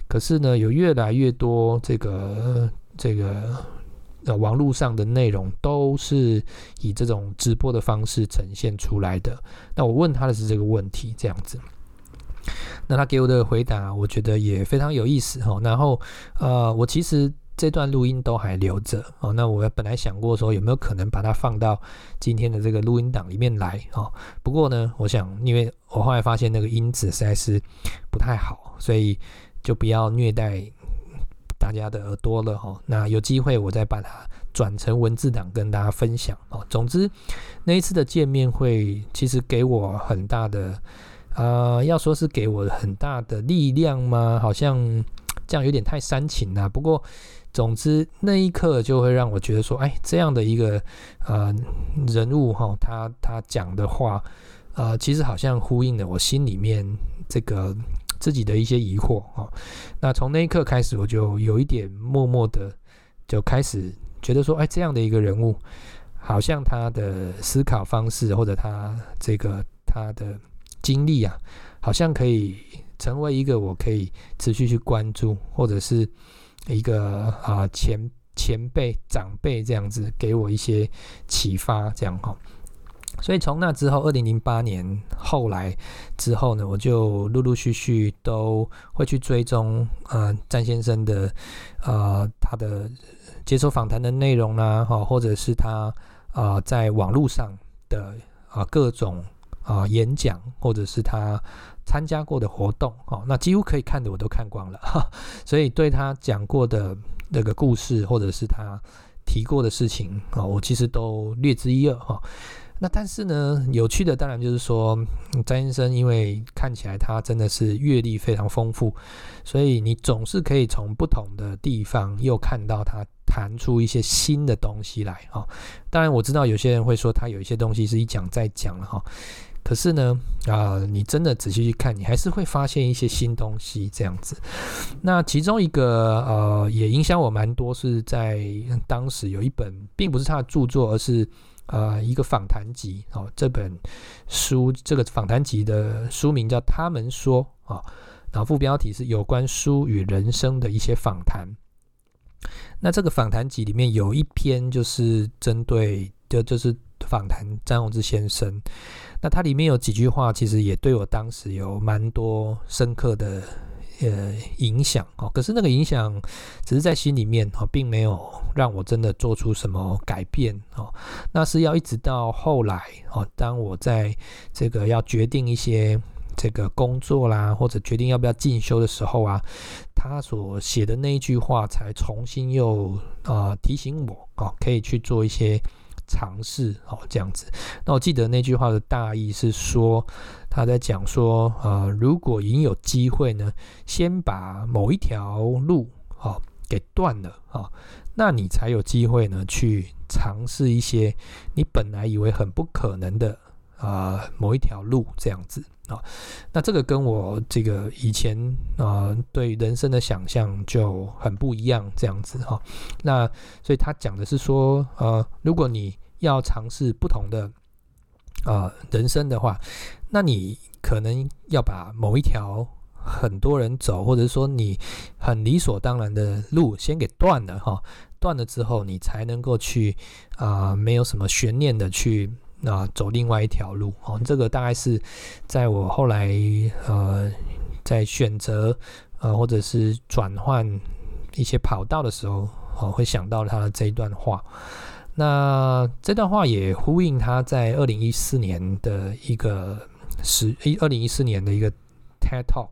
可是呢，有越來越多這個這個、呃、網絡上的內容都是以這種直播的方式呈現出來的。那我問他的是這個問題，這樣子，那他給我的回答我覺得也非常有意思哈。然後呃，我其實。這段錄音都還留着哦，那我本來想過說有沒有可能把它放到今天的這個錄音檔裡面來哦，不過呢，我想因為我後來發現那個音質實在是不太好，所以就不要虐待大家的耳朵了哦，那有機會我再把它轉成文字檔跟大家分享哦。總之，那一次的見面會其實給我很大的，呃，要說是給我很大的力量嗎？好像。這樣有點太煽情了、啊。不過，總之那一刻就會讓我覺得說，哎，這樣的一個、呃、人物哈、喔，他他講的話，呃，其實好像呼應了我心裡面這個自己的一些疑惑啊、喔。那從那一刻開始，我就有一點默默的就開始覺得說，哎，這樣的一個人物，好像他的思考方式或者他這個他的經歷啊，好像可以。成為一個我可以持續去關注，或者是一個啊、呃、前前輩長輩這樣子給我一些啟發，這樣哈、哦。所以從那之後，二零零八年後來之後呢，我就陸陸續續都會去追蹤啊、呃，詹先生的啊、呃、他的接受訪談的內容啦、啊，哈、哦，或者是他啊、呃、在網絡上的啊、呃、各種啊、呃、演講，或者是他。參加過的活動，哦，那幾乎可以看的我都看光了， *laughs* 所以對他講過的那個故事，或者是他提過的事情，哦，我其實都略知一二，哈。那但是呢，有趣的當然就是說，詹先生因為看起來他真的是閱歷非常豐富，所以你總是可以從不同的地方又看到他談出一些新的東西來，哈。當然我知道有些人會說他有一些東西是一講再講了，哈。可是呢，啊、呃，你真的仔細去看，你還是會發現一些新東西這樣子。那其中一個，呃，也影響我蠻多，是在當時有一本，並不是他的著作，而是呃一個訪談集哦。這本書，這個訪談集的書名叫《他們說》哦，然後副標題是有關書與人生的一些訪談。那這個訪談集裡面有一篇，就是針對。的就是訪談詹宏志先生，那他裡面有幾句話，其實也對我當時有蠻多深刻的呃影響哦。可是那個影響只是在心裡面哦，並沒有讓我真的做出什麼改變哦。那是要一直到後來哦，當我在這個要決定一些這個工作啦，或者決定要不要進修的時候啊，他所寫的那一句話才重新又啊、呃、提醒我哦，可以去做一些。嘗試，哦，這樣子。那我記得那句話的大意是說，他在講說，呃，如果已經有機會呢，先把某一條路，哦給斷了，哦，那你才有機會呢去嘗試一些你本來以為很不可能的啊、呃、某一條路這樣子。啊、哦，那這個跟我這個以前啊、呃、對人生的想象就很不一樣，這樣子哈、哦。那所以他講的是說，呃，如果你要嘗試不同的啊、呃、人生的話，那你可能要把某一條很多人走，或者說你很理所當然的路先給斷了哈。斷、哦、了之後，你才能夠去啊、呃，沒有什麼懸念的去。啊，走另外一條路哦，這個大概是在我後來呃在選擇呃或者是轉換一些跑道的時候，我、哦、會想到他的這一段話。那這段話也呼應他在二零一四年的一個十，二零一四年的一個 TED Talk。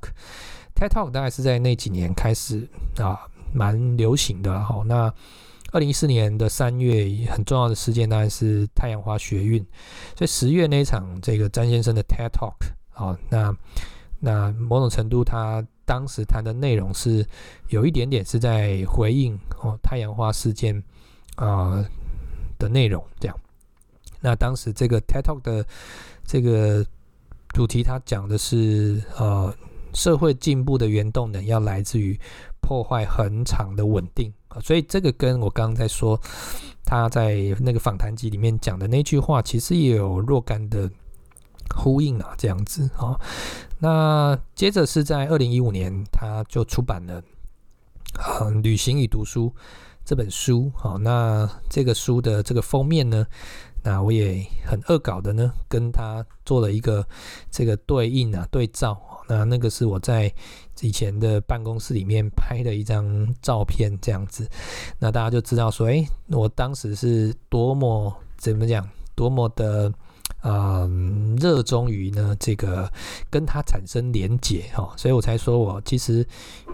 TED Talk 大概是在那幾年開始啊，蠻流行的哈、哦。那二零一四年的三月，很重要的事件當然是太陽花學運。所以十月那一場這個詹先生的 TED Talk，好、哦，那那某種程度他當時談的內容是有一點點是在回應哦太陽花事件啊、呃、的內容這樣。那當時這個 TED Talk 的這個主題，他講的是呃社會進步的原動能要來自於，破壞恆常的穩定啊，所以這個跟我剛剛在說他在那個訪談集裡面講的那句話，其實也有若干的呼應啊，這樣子啊。那接着是在二零一五年，他就出版了《呃，旅行與讀書》這本書。好，那這個書的這個封面呢，那我也很惡搞的呢，跟他做了一個這個對應啊，對照。那那個是我在。以前的辦公室裡面拍的一張照片，這樣子，那大家就知道說，哎、欸，我當時是多麼怎麼講，多麼的呃熱衷於呢這個跟他產生連結哈、哦，所以我才說我其實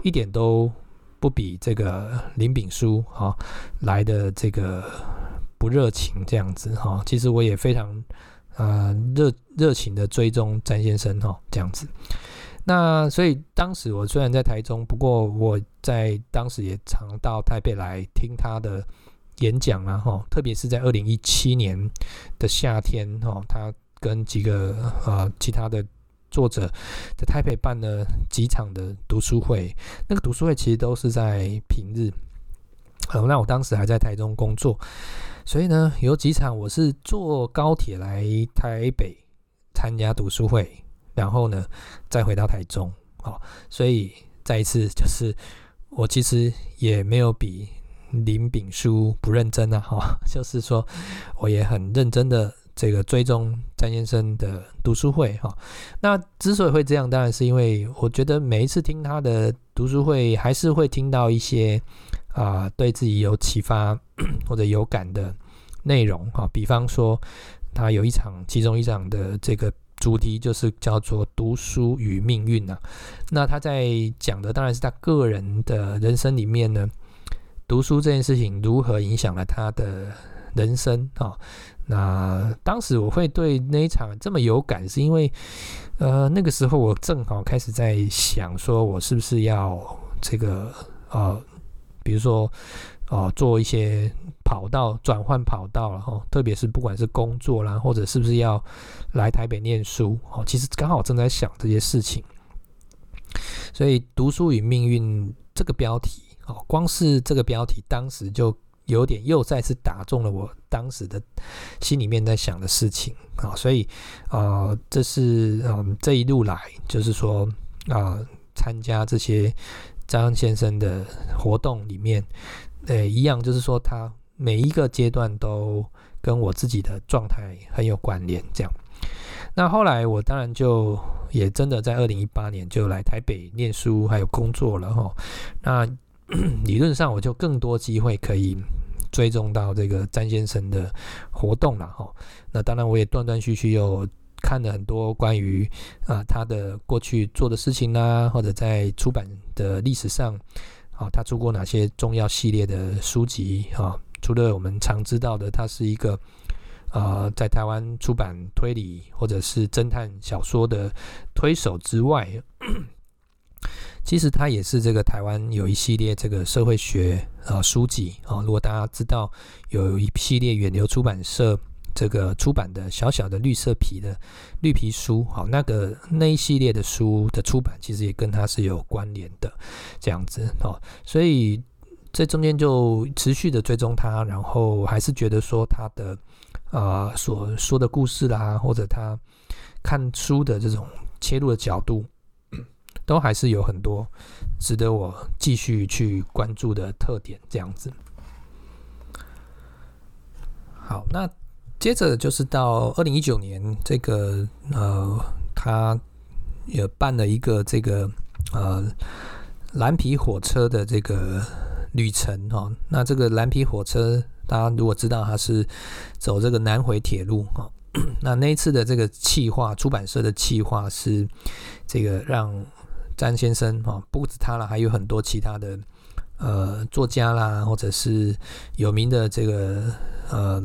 一點都不比這個林炳書哈、哦、來的這個不熱情這樣子哈、哦，其實我也非常呃熱熱情的追蹤詹先生哈、哦、這樣子。那所以當時我雖然在台中，不過我在當時也常到台北來聽他的演講啦，吼，特別是在二零一七年的夏天，吼，他跟幾個呃其他的作者在台北辦了幾場的讀書會，那個讀書會其實都是在平日，好，呃，那我當時還在台中工作，所以呢有幾場我是坐高鐵來台北參加讀書會。然後呢，再回到台中，好、哦，所以再一次就是，我其實也沒有比林炳書不認真啊。哈、哦，就是說，我也很認真的這個追蹤詹先生的讀書會，哈、哦，那之所以會這樣，當然是因為我覺得每一次聽他的讀書會，還是會聽到一些啊、呃，對自己有啟發或者有感的內容，哈、哦，比方說，他有一場，其中一場的這個。主題就是叫做讀書與命運啊。那他在講的當然是他個人的人生裡面呢，讀書這件事情如何影響了他的人生啊。那當時我會對那一場這麼有感，是因為呃那個時候我正好開始在想，說我是不是要這個呃，比如說。哦，做一些跑道轉換跑道了哈、哦，特別是不管是工作啦，或者是不是要來台北念書，哦，其實剛好正在想這些事情，所以“讀書與命運”這個標題，哦，光是這個標題，當時就有點又再次打中了我當時的心裡面在想的事情啊、哦，所以，啊、呃，這是嗯、呃、這一路來，就是說啊，參、呃、加這些詹先生的活動裡面。對、哎，一樣就是說，他每一個階段都跟我自己的狀態很有關聯。這樣，那後來我當然就也真的在二零一八年就來台北念書，還有工作了哈。那 *coughs* 理論上我就更多機會可以追蹤到這個詹先生的活動了哈。那當然我也斷斷續續又看了很多關於啊他的過去做的事情啦，或者在出版的歷史上。啊，他出過哪些重要系列的書籍啊？除了我們常知道的，他是一個啊、呃，在台灣出版推理或者是偵探小說的推手之外，其實他也是這個台灣有一系列這個社會學啊書籍啊。如果大家知道有一系列遠流出版社，這個出版的小小的綠色皮的綠皮書，好，那個那一系列的書的出版，其實也跟他是有關聯的，這樣子哦。所以，在中間就持續的追蹤他，然後還是覺得說他的啊、呃、所說的故事啦，或者他看書的這種切入的角度，都還是有很多值得我繼續去關注的特點，這樣子。好，那。接着就是到二零一九年，這個呃，他也辦了一個這個呃藍皮火車的這個旅程哈、哦。那這個藍皮火車，大家如果知道，他是走這個南回鐵路哈、哦。 *coughs* 那那次的這個企劃，出版社的企劃是這個讓詹先生哈、哦，不止他了，還有很多其他的呃作家啦，或者是有名的這個呃。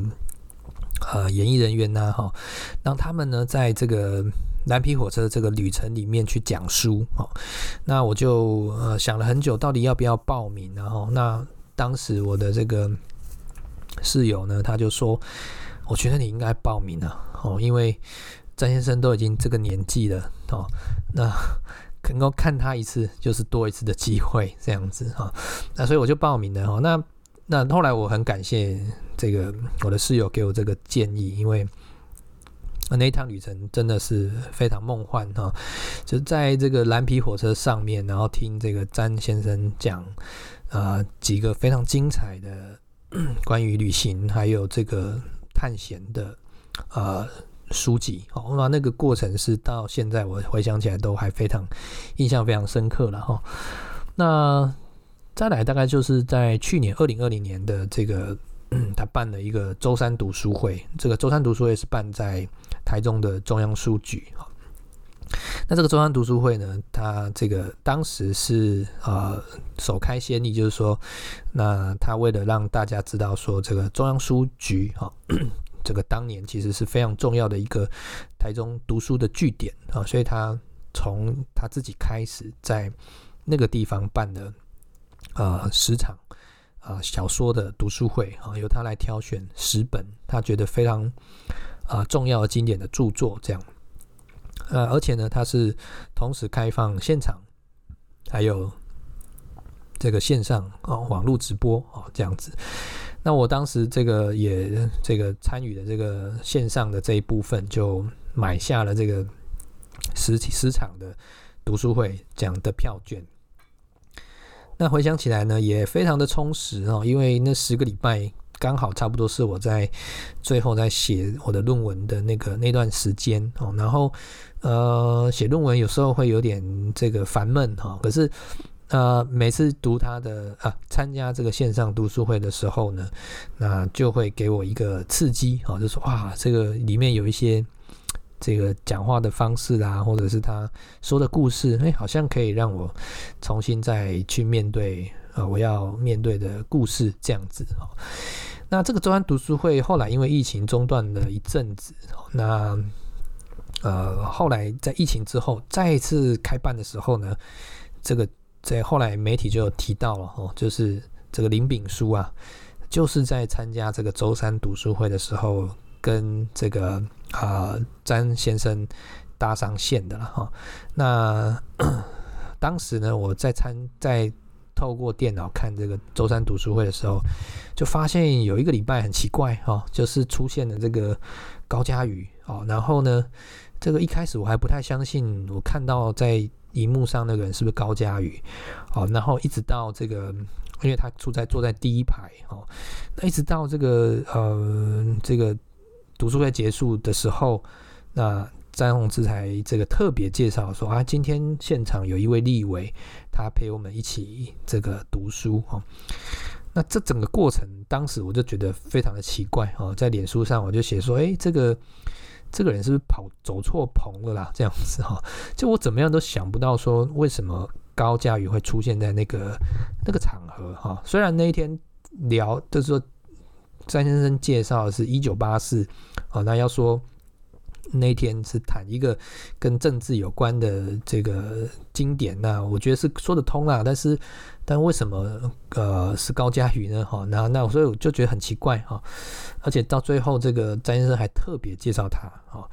呃，演藝人員呢、啊，哈、哦，讓他們呢在這個藍皮火車這個旅程裡面去講書。哦，那我就呃想了很久，到底要不要報名、啊，然、哦、後，那當時我的這個室友呢，他就說，我覺得你應該報名了、啊、哦，因為詹先生都已經這個年紀了，哦，那能夠看他一次就是多一次的機會，這樣子哈、哦。那所以我就報名了，哦，那那後來我很感謝。這個我的室友給我這個建議，因為那一趟旅程真的是非常夢幻哈、哦，就在這個藍皮火車上面，然後聽這個詹先生講啊、呃、幾個非常精彩的關於旅行還有這個探險的啊、呃、書籍，哦，那那個過程是到現在我回想起來都還非常印象非常深刻了哈、哦。那再來大概就是在去年二零二零年的這個。他辦了一個周三讀書會，這個周三讀書會是辦在台中的中央書局。那這個周三讀書會呢，他這個當時是啊、呃、首開先例，就是說，那他為了讓大家知道說這個中央書局哈、呃，這個當年其實是非常重要的一個台中讀書的據點啊、呃，所以他從他自己開始在那個地方辦的啊十場。呃啊，小說的讀書會啊，由他來挑選十本他覺得非常啊重要的經典的著作，這樣。呃、啊，而且呢，他是同時開放現場，還有這個線上啊，網絡直播啊，這樣子。那我當時這個也這個參與的這個線上的這一部分，就買下了這個實體、市場的讀書會這樣的票券。那回想起來呢，也非常的充實哦，因為那十個禮拜剛好差不多是我在最後在寫我的論文的那個那段時間哦，然後呃寫論文有時候會有點這個煩悶哈、哦，可是呃每次讀他的啊參加這個線上讀書會的時候呢，那就會給我一個刺激啊、哦，就說哇這個裡面有一些，這個講話的方式啦、啊，或者是他說的故事誒，好像可以讓我重新再去面對呃，我要面對的故事這樣子。那這個週三讀書會後來因為疫情中斷了一陣子，那呃，後來在疫情之後再一次開辦的時候呢，這個在後來媒體就有提到了哦，就是這個林炳書啊，就是在參加這個週三讀書會的時候跟這個。啊、呃，詹先生搭上線的了哈、哦。那當時呢，我在參在透過電腦看這個周三讀書會的時候，就發現有一個禮拜很奇怪哈、哦，就是出現了這個高嘉瑜哦。然後呢，這個一開始我還不太相信，我看到在熒幕上那個人是不是高嘉瑜哦。然後一直到這個，因為他坐在坐在第一排哦，那一直到這個呃這個。讀書會結束的時候，那詹宏志才這個特別介紹說啊，今天現場有一位立委，他陪我們一起這個讀書哈。那這整個過程，當時我就覺得非常的奇怪哦，在臉書上我就寫說，誒，這個這個人是不是跑走錯棚了啦？這樣子哈，就我怎麼樣都想不到說為什麼高嘉瑜會出現在那個那個場合哈。雖然那一天聊就是說。詹先生介紹是1984，哦，那要說那天是談一個跟政治有關的這個經典，那我覺得是說得通啦、啊。但是，但為什麼呃是高嘉瑜呢？哈，那那所以我就覺得很奇怪哈。而且到最後，這個詹先生還特別介紹他，哦，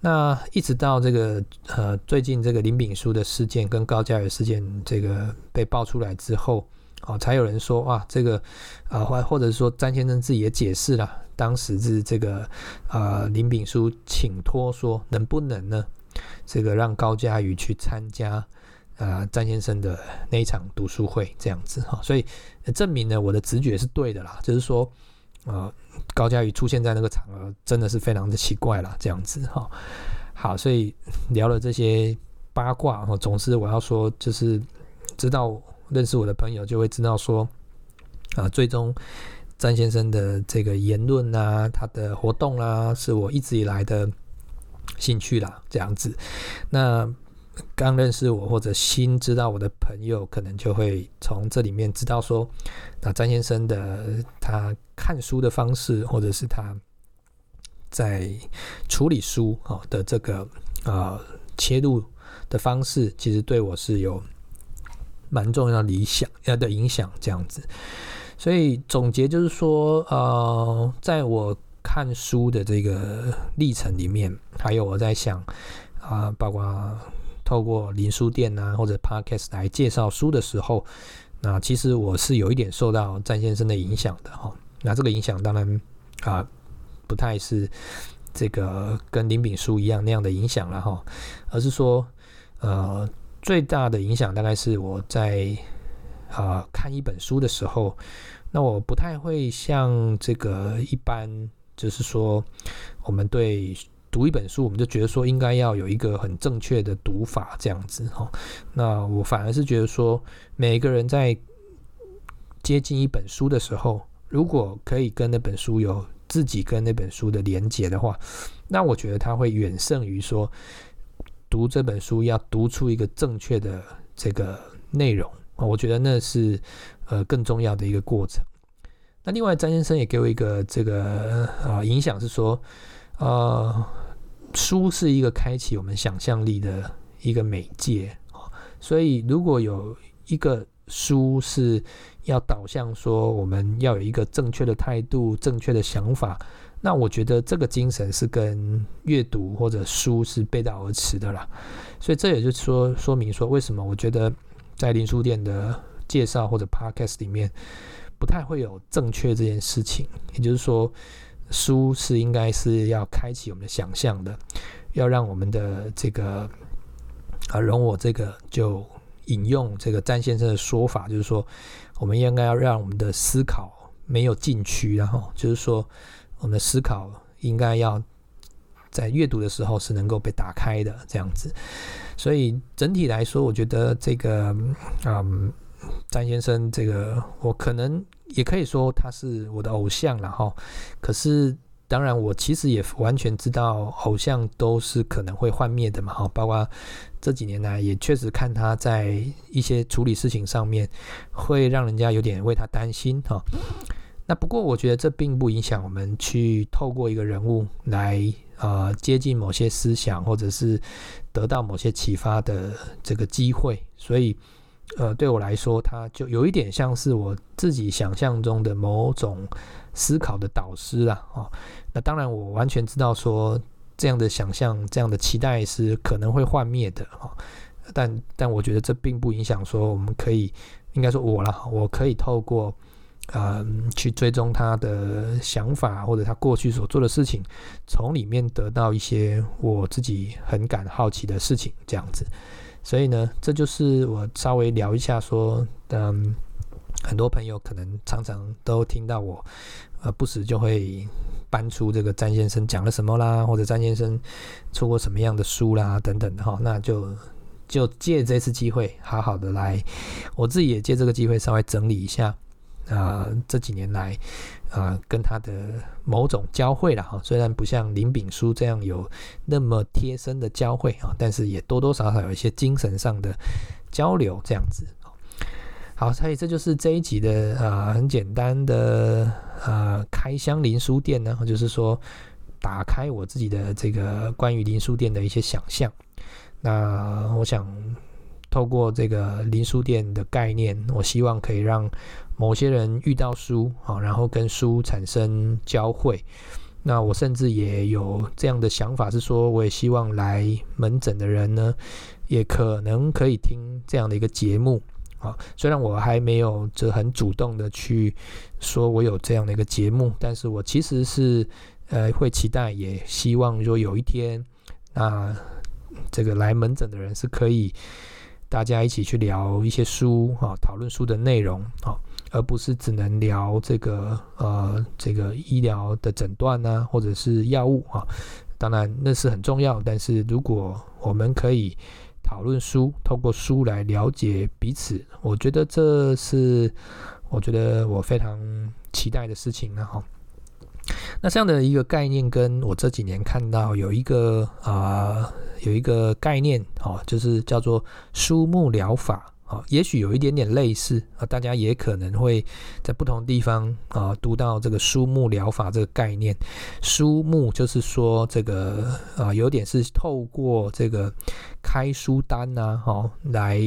那一直到這個呃最近這個林秉樞的事件跟高嘉瑜事件這個被爆出來之後。哦，才有人說啊，這個，啊，或或者說詹先生自己也解釋了，當時是這個、呃，啊林秉樞請託說能不能呢，這個讓高嘉瑜去參加、呃，啊詹先生的那一場讀書會這樣子哈，所以證明呢，我的直覺是對的啦，就是說，啊，高嘉瑜出現在那個場合真的是非常的奇怪啦。這樣子哈，好，所以聊了這些八卦哈，總之我要說就是知道。認識我的朋友就會知道說，啊，最終詹先生的這個言論啊，他的活動啊，是我一直以來的興趣啦。這樣子，那剛認識我或者新知道我的朋友，可能就會從這裡面知道說，那詹先生的他看書的方式，或者是他在處理書啊的這個呃、啊、切入的方式，其實對我是有。蠻重要、理想要的影響這樣子，所以總結就是說，呃，在我看書的這個歷程裡面，還有我在想啊，包括透過林書店吶、啊、或者 Podcast 來介紹書的時候，那其實我是有一點受到詹先生的影響的哈。那這個影響當然啊，不太是這個跟林炳書一樣那樣的影響了哈，而是說呃。最大的影響大概是我在啊、呃、看一本書的時候，那我不太會像這個一般，就是說我們對讀一本書，我們就覺得說應該要有一個很正確的讀法這樣子哈。那我反而是覺得說，每一個人在接近一本書的時候，如果可以跟那本書有自己跟那本書的連結的話，那我覺得它會遠勝於說。讀這本書要讀出一個正確的這個內容。我覺得那是呃更重要的一個過程。那另外，詹先生也給我一個這個啊、呃、影響是說，呃，書是一個開啟我們想象力的一個媒介。所以如果有一個書是要導向說，我們要有一個正確的態度、正確的想法。那我覺得這個精神是跟閱讀或者書是背道而馳的啦，所以這也就是說說明說為什麼我覺得在林書店的介紹或者 podcast 裡面不太會有正確這件事情，也就是說書是應該是要開啟我們的想象的，要讓我們的這個啊，容我這個就引用這個詹先生的說法，就是說我們應該要讓我們的思考沒有禁區，然後就是說，我們的思考應該要在閱讀的時候是能夠被打開的這樣子，所以整體來說，我覺得這個嗯，詹先生這個我可能也可以說他是我的偶像了哈。可是當然，我其實也完全知道偶像都是可能會幻滅的嘛哈。包括這幾年來，也確實看他在一些處理事情上面會讓人家有點為他擔心哈。那不過，我覺得這並不影響我們去透過一個人物來，呃，接近某些思想，或者是得到某些啟發的這個機會。所以，呃，對我來說，他就有一點像是我自己想象中的某種思考的導師啊。哦、那當然，我完全知道說這樣的想象、這樣的期待是可能會幻滅的啊、哦。但但我覺得這並不影響說我們可以，應該說我啦，我可以透過。呃、嗯，去追蹤他的想法，或者他過去所做的事情，從裡面得到一些我自己很感好奇的事情，這樣子。所以呢，這就是我稍微聊一下說，嗯，很多朋友可能常常都聽到我，呃，不時就會搬出這個詹先生講了什麼啦，或者詹先生出過什麼樣的書啦，等等的哈。那就就借這次機會，好好的來，我自己也借這個機會稍微整理一下。啊、呃，這幾年來，啊、呃，跟他的某種交匯了哈，雖然不像林炳書這樣有那麼貼身的交匯啊，但是也多多少少有一些精神上的交流這樣子。好，所以這就是這一集的啊、呃，很簡單的啊、呃，開箱林書店呢，就是說打開我自己的這個關於林書店的一些想象。那我想透過這個林書店的概念，我希望可以讓。某些人遇到書啊，然後跟書產生交匯。那我甚至也有這樣的想法，是說我也希望來門診的人呢，也可能可以聽這樣的一個節目啊。雖然我還沒有很主動的去說我有這樣的一個節目，但是我其實是呃會期待，也希望說有一天啊，那這個來門診的人是可以大家一起去聊一些書啊，討論書的內容啊。而不是只能聊這個呃這個醫療的診斷呢、啊，或者是藥物啊，當然那是很重要。但是如果我們可以討論書，透過書來了解彼此，我覺得這是我覺得我非常期待的事情呢。哈，那這樣的一個概念，跟我這幾年看到有一個啊、呃、有一個概念哦，就是叫做書目療法。也許有一點點類似，大家也可能會在不同地方啊讀到這個書目療法這個概念。書目就是說這個啊，有點是透過這個開書單呢、啊，哈、啊，來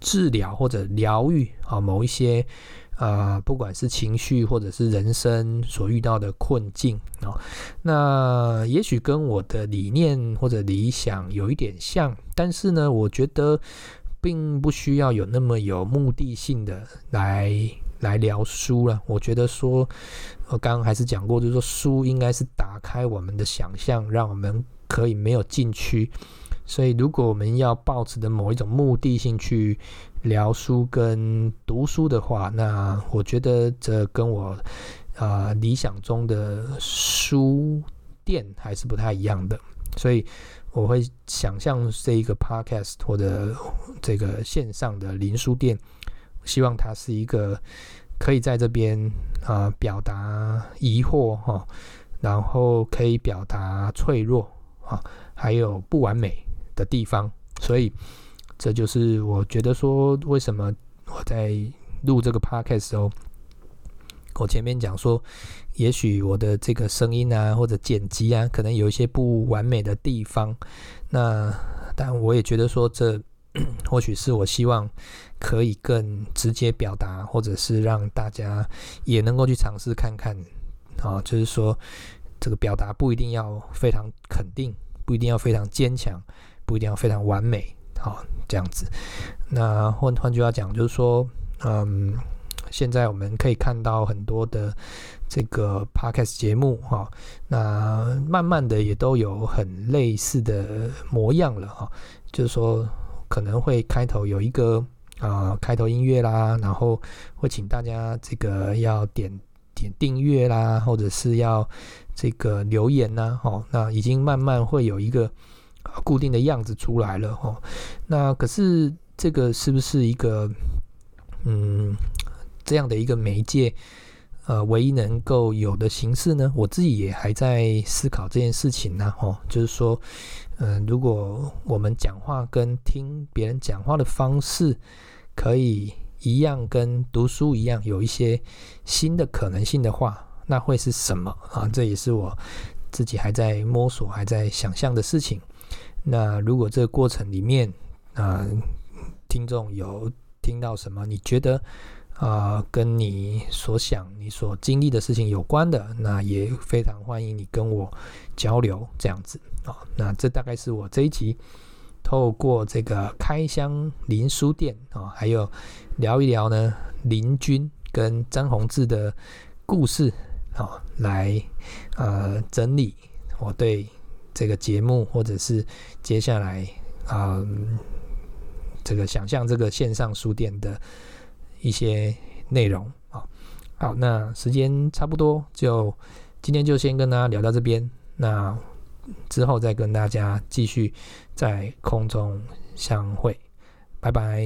治療或者療癒啊某一些啊，不管是情緒或者是人生所遇到的困境啊。那也許跟我的理念或者理想有一點像，但是呢，我覺得。並不需要有那麼有目的性的來來聊書了、啊。我覺得說，我剛剛還是講過，就是說書應該是打開我們的想象，讓我們可以沒有禁區。所以，如果我們要抱持的某一種目的性去聊書跟讀書的話，那我覺得這跟我啊、呃、理想中的書店還是不太一樣的。所以。我會想象這一個 podcast 或者這個線上的林書店，希望它是一個可以在這邊啊、呃、表達疑惑哈、哦，然後可以表達脆弱啊、哦，還有不完美的地方。所以這就是我覺得說，為什麼我在錄這個 podcast 時、哦、候，我前面講說。也許我的這個聲音啊，或者剪輯啊，可能有一些不完美的地方。那但我也覺得說這，這或許是我希望可以更直接表達，或者是讓大家也能夠去嘗試看看啊、哦，就是說這個表達不一定要非常肯定，不一定要非常堅強，不一定要非常完美好、哦、這樣子。那換換句話講，就是說，嗯。現在我們可以看到很多的這個 podcast 節目哈，那慢慢的也都有很類似的模樣了哈，就是說可能會開頭有一個啊，開頭音樂啦，然後會請大家這個要點點訂閱啦，或者是要這個留言啦。哈，那已經慢慢會有一個固定的樣子出來了哈，那可是這個是不是一個嗯？這樣的一個媒介，呃，唯一能夠有的形式呢，我自己也還在思考這件事情呢、啊。哦，就是說，嗯、呃，如果我們講話跟聽別人講話的方式可以一樣，跟讀書一樣，有一些新的可能性的話，那會是什麼啊？這也是我自己還在摸索、還在想象的事情。那如果這個過程裡面，啊、呃，聽眾有聽到什麼，你覺得？啊、呃，跟你所想、你所經歷的事情有關的，那也非常歡迎你跟我交流這樣子啊、哦。那這大概是我這一集透過這個開箱林書店啊、哦，還有聊一聊呢林君跟詹宏志的故事啊、哦，來呃整理我、哦、對這個節目或者是接下來啊、呃、這個想象這個線上書店的。一些內容啊，好，那時間差不多，就今天就先跟大家聊到這邊，那之後再跟大家繼續在空中相會，拜拜。